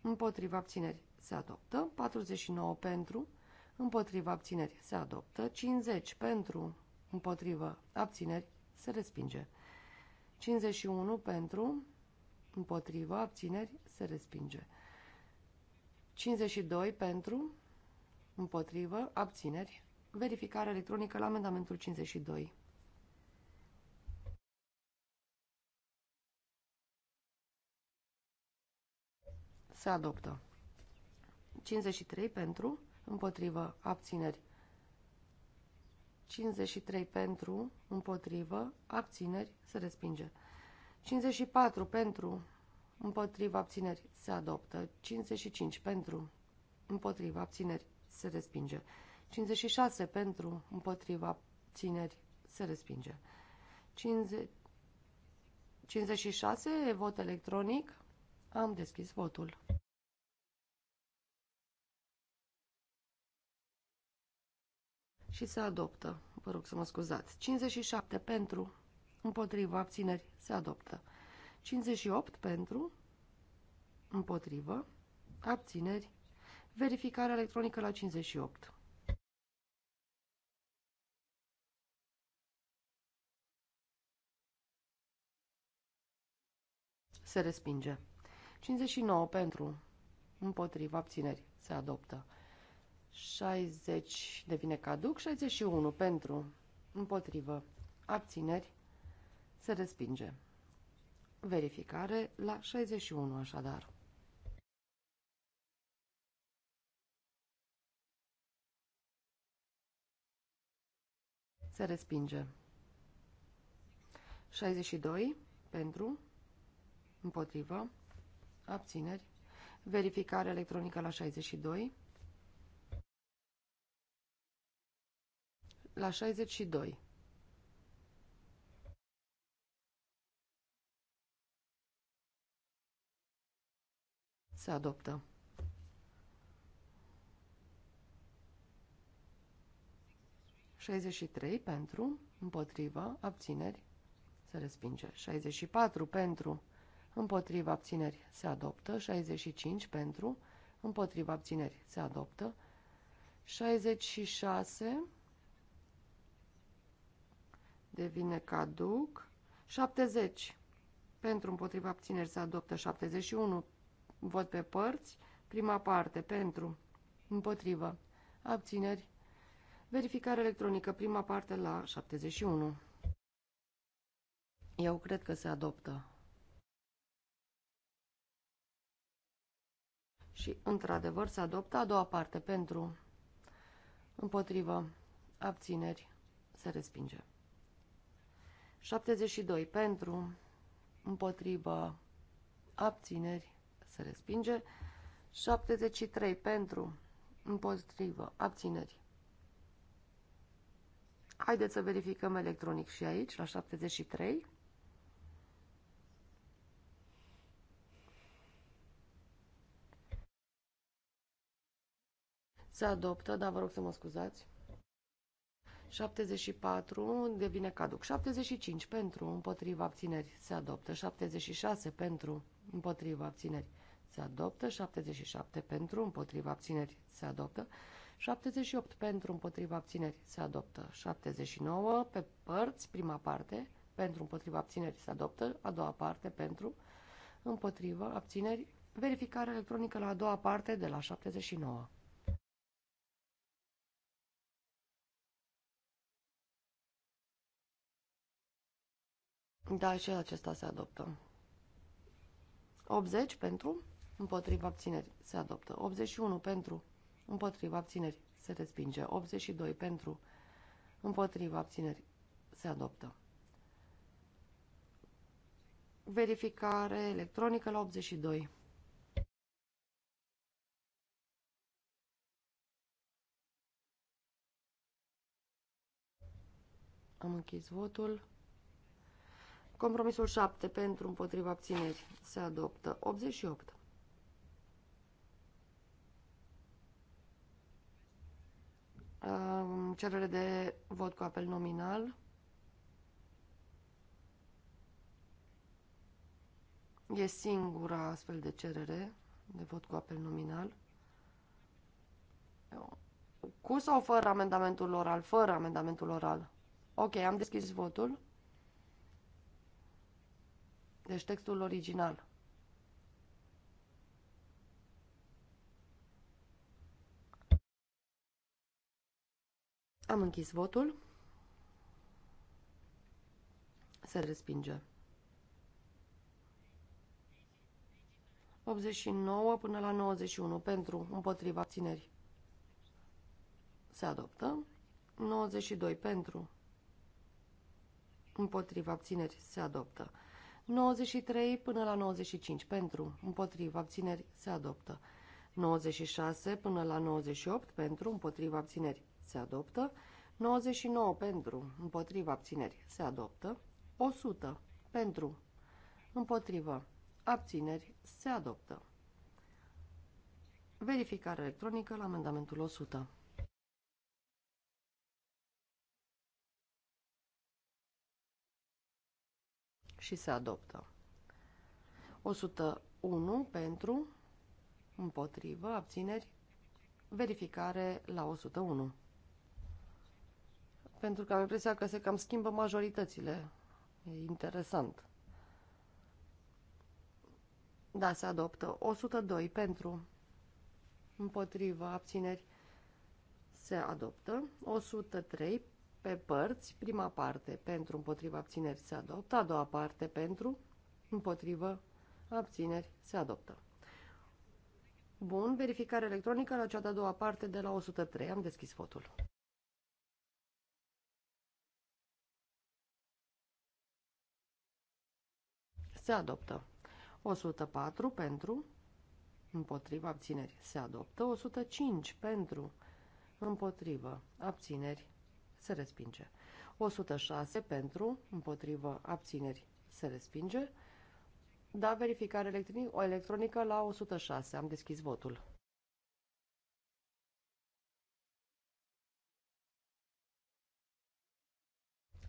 Împotriva abțineri. Se adoptă. 49 pentru. Împotriva abțineri. Se adoptă. 50 pentru. Împotriva abțineri. Se respinge. 51 pentru. Împotriva abțineri. Se respinge. 52 pentru. Împotrivă. Abțineri. Verificare electronică la amendamentul 52. Se adoptă. 53 pentru, împotrivă, abțineri. 53 pentru, împotrivă, abțineri, se respinge. 54 pentru, împotrivă, abțineri, se adoptă. 55 pentru, împotrivă, abțineri, se respinge. 56 pentru, împotrivă, abțineri, se respinge. 50... 56, vot electronic, am deschis votul. și se adoptă. Vă rog să mă scuzați. 57 pentru, împotrivă, abțineri, se adoptă. 58 pentru, împotrivă, abțineri, verificare electronică la 58. Se respinge. 59 pentru, împotrivă, abțineri, se adoptă. 60 devine caduc, 61 pentru, împotrivă, abțineri, se respinge. Verificare la 61 așadar. Se respinge. 62 pentru, împotrivă, abțineri, verificare electronică la 62, la 62. Se adoptă. trei pentru, împotrivă, abțineri, se respinge. patru pentru, împotrivă, abțineri, se adoptă. cinci pentru, împotrivă, abțineri, se adoptă. 66 devine caduc. 70 pentru împotriva abțineri se adoptă 71 vot pe părți. Prima parte pentru împotriva abțineri. Verificare electronică prima parte la 71. Eu cred că se adoptă. Și, într-adevăr, se adoptă a doua parte pentru împotrivă abțineri se respinge. 72 pentru, împotrivă, abțineri, se respinge. 73 pentru, împotrivă, abțineri. Haideți să verificăm electronic și aici, la 73. Se adoptă, dar vă rog să mă scuzați. 74 devine caduc. 75 pentru, împotriva abțineri se adoptă. 76 pentru, împotriva abțineri se adoptă. 77 pentru, împotriva abțineri se adoptă. 78 pentru, împotriva abțineri se adoptă. 79 pe părți, prima parte, pentru, împotriva abțineri se adoptă. A doua parte, pentru, împotriva abțineri. Verificare electronică la a doua parte de la 79. Da, și acesta se adoptă. 80 pentru, împotriva abțineri, se adoptă. 81 pentru, împotriva abțineri, se respinge. 82 pentru, împotriva abțineri, se adoptă. Verificare electronică la 82. Am închis votul. Compromisul 7 pentru împotriva abțineri se adoptă. 88. Cerere de vot cu apel nominal. E singura astfel de cerere de vot cu apel nominal. Cu sau fără amendamentul oral? Fără amendamentul oral. Ok, am deschis votul. Deci textul original. Am închis votul. Se respinge. 89 până la 91 pentru, împotriva, abțineri. Se adoptă. 92 pentru, împotriva, abțineri. Se adoptă. 93 până la 95 pentru, împotriva abțineri se adoptă. 96 până la 98 pentru, împotriva abțineri se adoptă. 99 pentru, împotriva abțineri se adoptă. 100 pentru, împotriva abțineri se adoptă. Verificare electronică la amendamentul 100. și se adoptă. 101 pentru, împotrivă, abțineri, verificare la 101. Pentru că am impresia că se cam schimbă majoritățile. E interesant. Da, se adoptă. 102 pentru, împotrivă, abțineri, se adoptă. 103 pe părți, prima parte pentru împotriva abțineri se adoptă, a doua parte pentru împotriva abțineri se adoptă. Bun, verificare electronică la cea de-a doua parte de la 103. Am deschis votul. Se adoptă. 104 pentru, împotriva abțineri se adoptă. 105 pentru, împotrivă abțineri se respinge. 106 pentru, împotrivă, abțineri, se respinge. Da, verificare electronică o electronică la 106. Am deschis votul.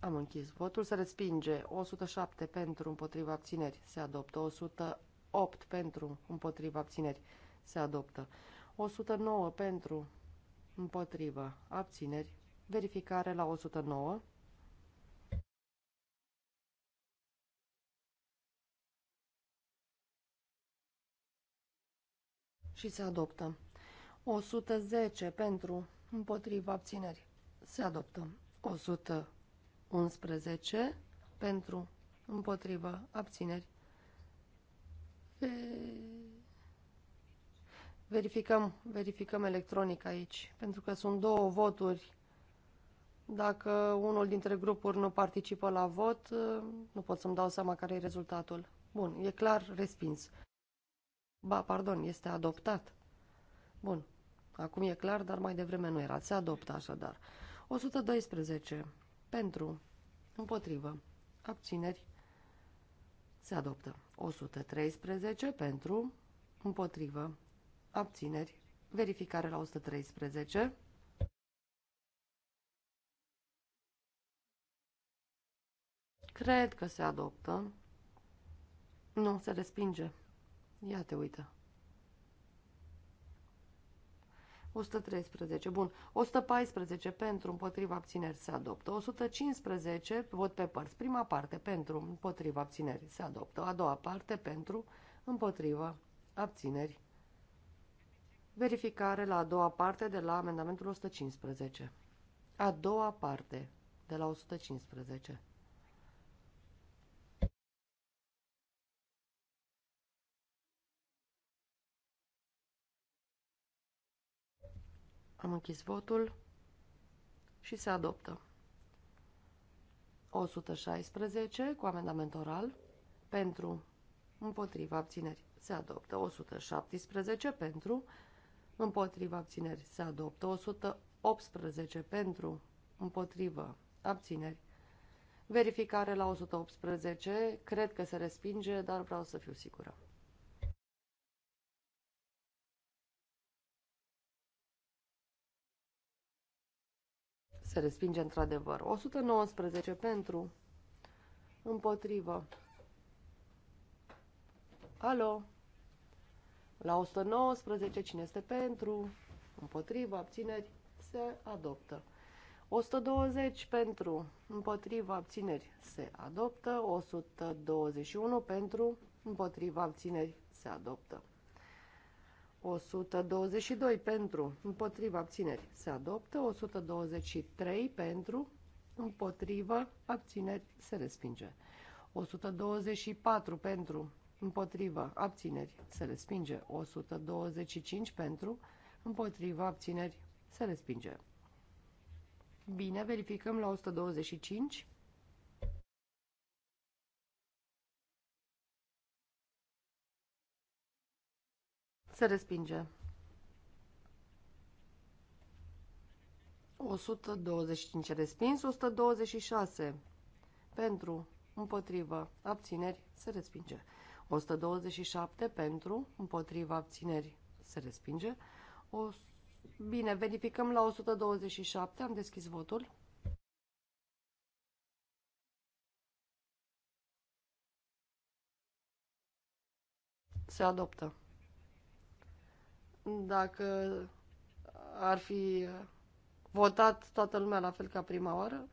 Am închis votul. Se respinge 107 pentru, împotriva abțineri. Se adoptă 108 pentru, împotriva abțineri. Se adoptă 109 pentru, împotriva abțineri. Verificare la 109. Și se adoptă. 110 pentru împotriva abțineri. Se adoptă. 111 pentru împotriva abțineri. Verificăm, verificăm electronic aici, pentru că sunt două voturi dacă unul dintre grupuri nu participă la vot, uh, nu pot să-mi dau seama care e rezultatul. Bun, e clar respins. Ba, pardon, este adoptat. Bun, acum e clar, dar mai devreme nu era. Se adoptă așadar. 112. Pentru. Împotrivă. Abțineri. Se adoptă. 113 pentru. Împotrivă. Abțineri. Verificare la 113. Cred că se adoptă. Nu, se respinge. Ia te uită. 113. Bun. 114 pentru, împotriva abțineri se adoptă. 115 vot pe părți. Prima parte pentru, împotriva abțineri se adoptă. A doua parte pentru, împotriva abțineri. Verificare la a doua parte de la amendamentul 115. A doua parte de la 115. Am închis votul și se adoptă. 116 cu amendament oral pentru împotriva abțineri se adoptă. 117 pentru împotriva abțineri se adoptă. 118 pentru împotriva abțineri. Verificare la 118, cred că se respinge, dar vreau să fiu sigură. Se respinge într-adevăr. 119 pentru. Împotrivă. Alo. La 119 cine este pentru? Împotrivă. Abțineri. Se adoptă. 120 pentru, împotrivă, abțineri se adoptă, 121 pentru, împotrivă, abțineri se adoptă. 122 pentru, împotriva abțineri se adoptă, 123 pentru, împotriva abțineri se respinge, 124 pentru, împotriva abțineri se respinge, 125 pentru, împotriva abțineri se respinge. Bine, verificăm la 125. Se respinge. 125 respins, 126 pentru, împotrivă, abțineri, se respinge. 127 pentru, împotrivă, abțineri, se respinge. O... Bine, verificăm la 127, am deschis votul. Se adoptă dacă ar fi votat toată lumea la fel ca prima oară,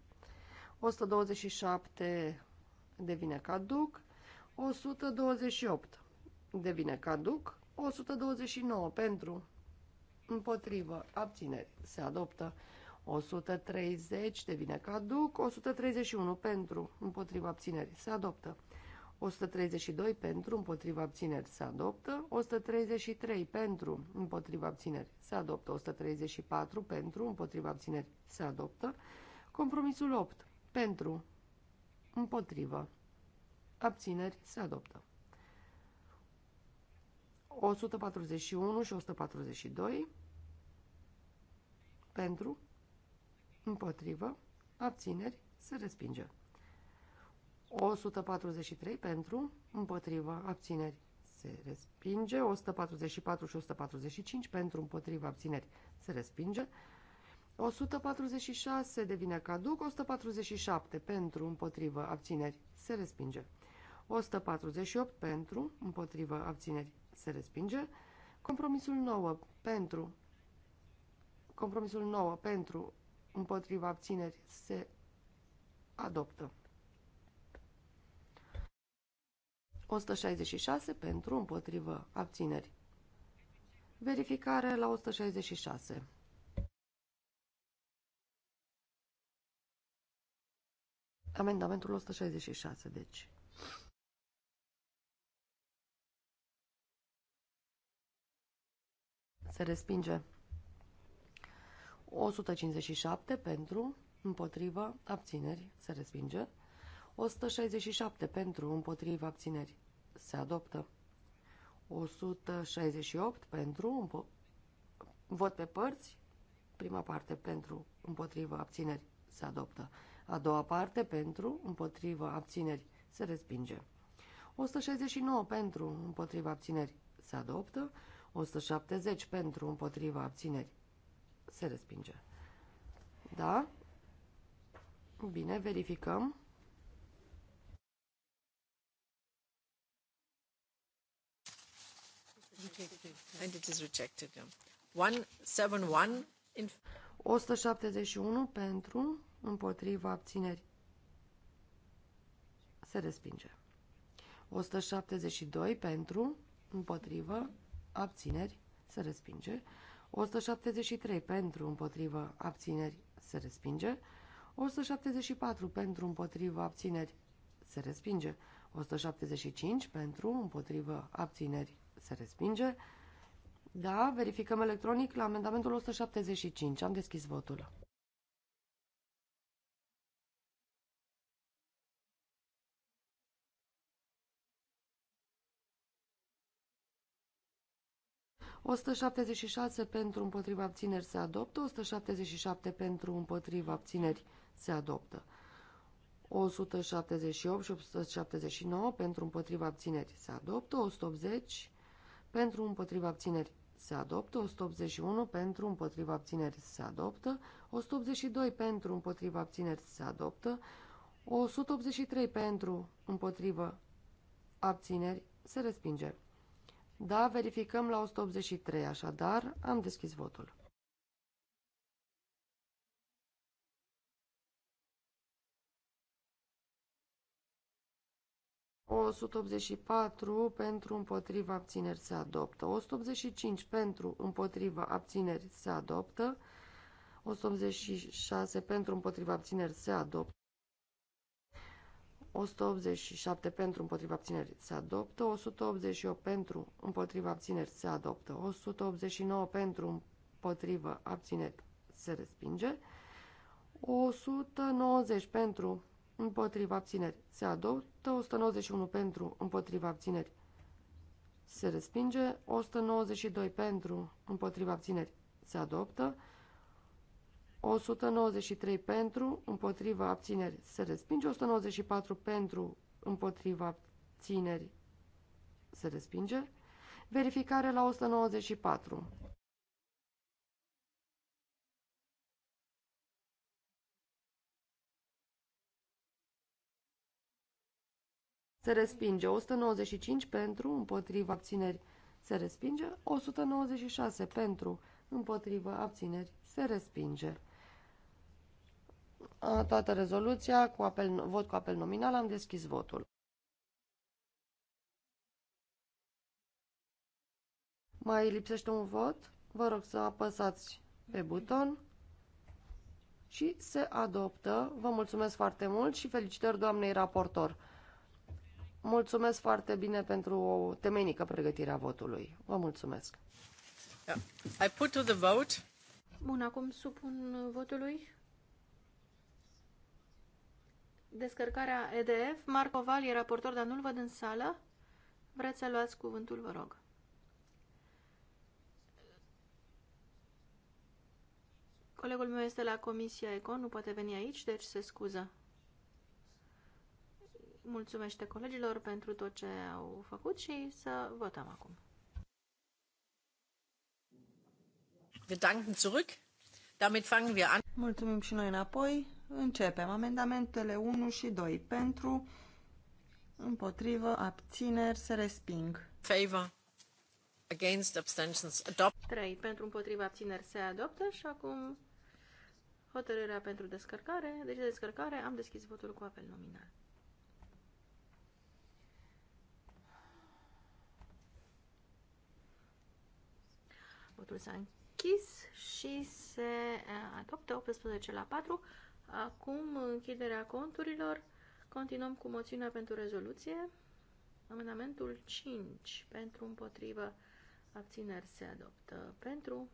127 devine caduc, 128 devine caduc, 129 pentru, împotrivă, abțineri, se adoptă, 130 devine caduc, 131 pentru, împotrivă, abțineri, se adoptă, 132 pentru, împotriva abțineri se adoptă, 133 pentru, împotriva abțineri se adoptă, 134 pentru, împotriva abțineri se adoptă, compromisul 8 pentru, împotriva abțineri se adoptă. 141 și 142 pentru, împotriva abțineri, se respinge. 143 pentru, împotriva, abțineri, se respinge. 144 și 145 pentru, împotriva, abțineri, se respinge. 146 devine caduc, 147 pentru, împotrivă, abțineri, se respinge. 148 pentru, împotrivă, abțineri, se respinge. Compromisul 9 pentru, compromisul 9 pentru, împotriva abțineri, se adoptă. 166 pentru, împotrivă, abțineri. Verificare la 166. Amendamentul 166, deci. Se respinge. 157 pentru, împotrivă, abțineri, se respinge. 167 pentru, împotrivă, abțineri, se adoptă. 168 pentru, vot pe părți, prima parte pentru, împotrivă, abțineri, se adoptă. A doua parte pentru, împotrivă, abțineri, se respinge. 169 pentru, împotrivă, abțineri, se adoptă. 170 pentru, împotrivă, abțineri, se respinge. Da? Bine, verificăm. 171 pentru, împotriva abțineri. Se respinge. 172 pentru, împotriva abțineri, se respinge. 173 pentru, împotriva abțineri, se respinge. 174 pentru, împotriva abțineri, se respinge. 175 pentru, împotriva abțineri, se respinge. Da, verificăm electronic la amendamentul 175. Am deschis votul. ...176 pentru împotriva abțineri se adoptă, 177 pentru împotriva abțineri se adoptă. 178 și 179 pentru împotriva abțineri se adoptă, 180 pentru împotriva abțineri se adoptă, 181 pentru împotriva abțineri se adoptă, 182 pentru împotriva abțineri se adoptă, 183 pentru împotriva abțineri se respinge. Da, verificăm la 183, așadar am deschis votul. 184 pentru împotriva abțineri se adoptă, 185 pentru împotriva abțineri se adoptă, 186 pentru împotriva abțineri se adoptă, 187 pentru împotriva abțineri se adoptă, 188 pentru împotriva abțineri se adoptă, 189 pentru împotriva abțineri se respinge, 190 pentru împotriva abțineri se adoptă, 291 pentru, împotriva abțineri. Se respinge. 192 pentru, împotriva abțineri. Se adoptă. 193 pentru, împotriva abțineri. Se respinge. 194 pentru, împotriva abțineri. Se respinge. Verificare la 194. se respinge. 195 pentru, împotriva abțineri se respinge. 196 pentru, împotriva abțineri se respinge. A, toată rezoluția cu apel, vot cu apel nominal am deschis votul. Mai lipsește un vot? Vă rog să apăsați pe buton și se adoptă. Vă mulțumesc foarte mult și felicitări doamnei raportor mulțumesc foarte bine pentru o temenică pregătire a votului. Vă mulțumesc. Yeah. I put to the vote. Bun, acum supun votului descărcarea EDF. Marco Val e raportor, dar nu-l văd în sală. Vreți să luați cuvântul, vă rog. Colegul meu este la Comisia Econ, nu poate veni aici, deci se scuză mulțumește colegilor pentru tot ce au făcut și să votăm acum. Wir danken zurück. Damit fangen wir an. Mulțumim și noi înapoi. Începem amendamentele 1 și 2 pentru, împotrivă, abțineri, se resping. Favor. Against abstentions. Adopt. 3. Pentru împotriva abțineri se adoptă și acum hotărârea pentru descărcare. Deci de descărcare am deschis votul cu apel nominal. Votul s-a închis și se eh, adoptă 18 la 4. Acum închiderea conturilor. Continuăm cu moțiunea pentru rezoluție. Amendamentul 5 pentru împotrivă abțineri se adoptă. Pentru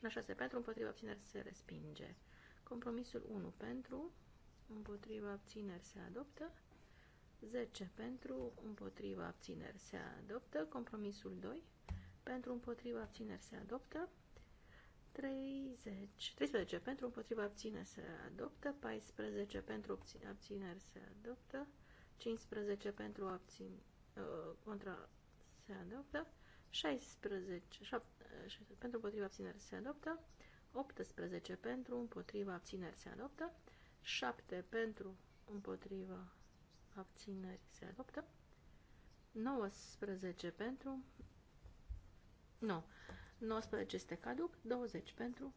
la 6 pentru împotrivă abțineri se respinge. Compromisul 1 pentru împotrivă abțineri se adoptă. 10 pentru împotrivă abțineri se adoptă. Compromisul 2 pentru împotriva abțineri se adoptă, 30, 13 pentru împotriva abțineri se adoptă, 14 pentru abțineri se adoptă, 15 pentru abțin, uh, contra se adoptă, 16 7, uh, pentru împotriva abțineri se adoptă, 18 pentru împotriva abțineri se adoptă, 7 pentru împotriva abțineri se adoptă, 19 pentru nu. 19 este caduc, 20 pentru,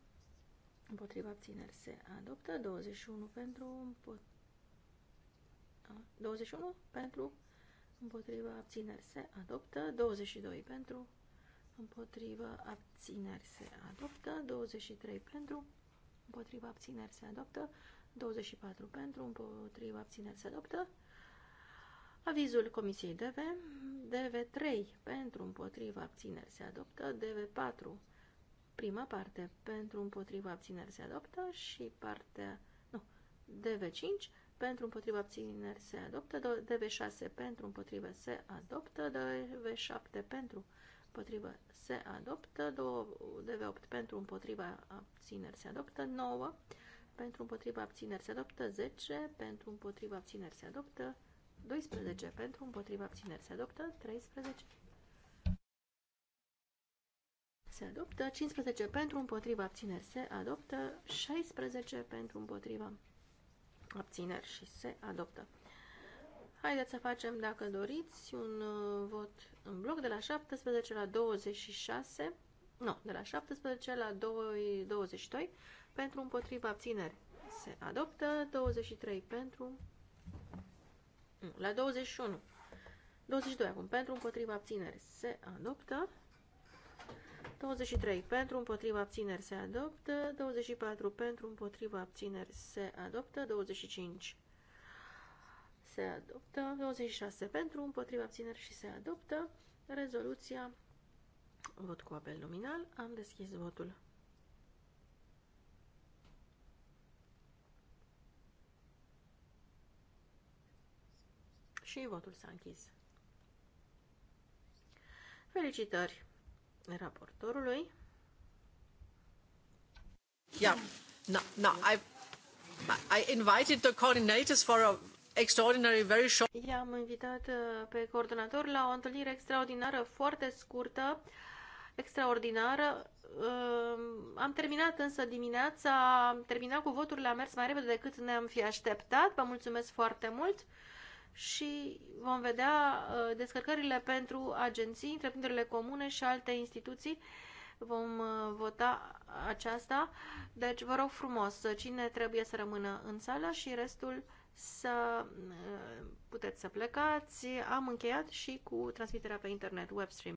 împotriva abțineri se adoptă, 21 pentru, 21 pentru, împotriva abțineri se adoptă, 22 pentru, împotriva abțineri se adoptă, 23 pentru, împotriva abțineri se adoptă, 24 pentru, împotriva abțineri se adoptă, Avizul Comisiei DV, DV3 pentru împotriva abțineri se adoptă, DV4 prima parte pentru împotriva abțineri se adoptă și partea, nu, DV5 pentru împotriva abțineri se adoptă, DV6 pentru împotriva se adoptă, DV7 pentru împotriva se adoptă, DV8 pentru împotriva abțineri se adoptă, 9 pentru împotriva abțineri se adoptă, 10 pentru împotriva abțineri se adoptă, 12 pentru, împotriva abțineri se adoptă, 13 se adoptă, 15 pentru, împotriva abțineri se adoptă, 16 pentru, împotriva abțineri și se adoptă. Haideți să facem, dacă doriți, un uh, vot în bloc de la 17 la 26, nu, de la 17 la 2, 22, pentru împotriva abțineri se adoptă, 23 pentru nu, la 21. 22 acum. Pentru împotriva abțineri se adoptă. 23 pentru împotriva abțineri se adoptă. 24 pentru împotriva abțineri se adoptă. 25 se adoptă. 26 pentru împotriva abțineri și se adoptă. Rezoluția. Vot cu apel nominal. Am deschis votul. Și votul s-a închis. Felicitări raportorului. Yeah. No, no, I, I invited the coordinators for a extraordinary, very short... I-am invitat uh, pe coordonator la o întâlnire extraordinară, foarte scurtă, extraordinară. Uh, am terminat însă dimineața, am terminat cu voturile, a mers mai repede decât ne-am fi așteptat. Vă mulțumesc foarte mult și vom vedea uh, descărcările pentru agenții, întreprinderile comune și alte instituții. Vom uh, vota aceasta. Deci vă rog frumos, uh, cine trebuie să rămână în sală și restul să puteți să plecați. Am încheiat și cu transmiterea pe internet, webstream.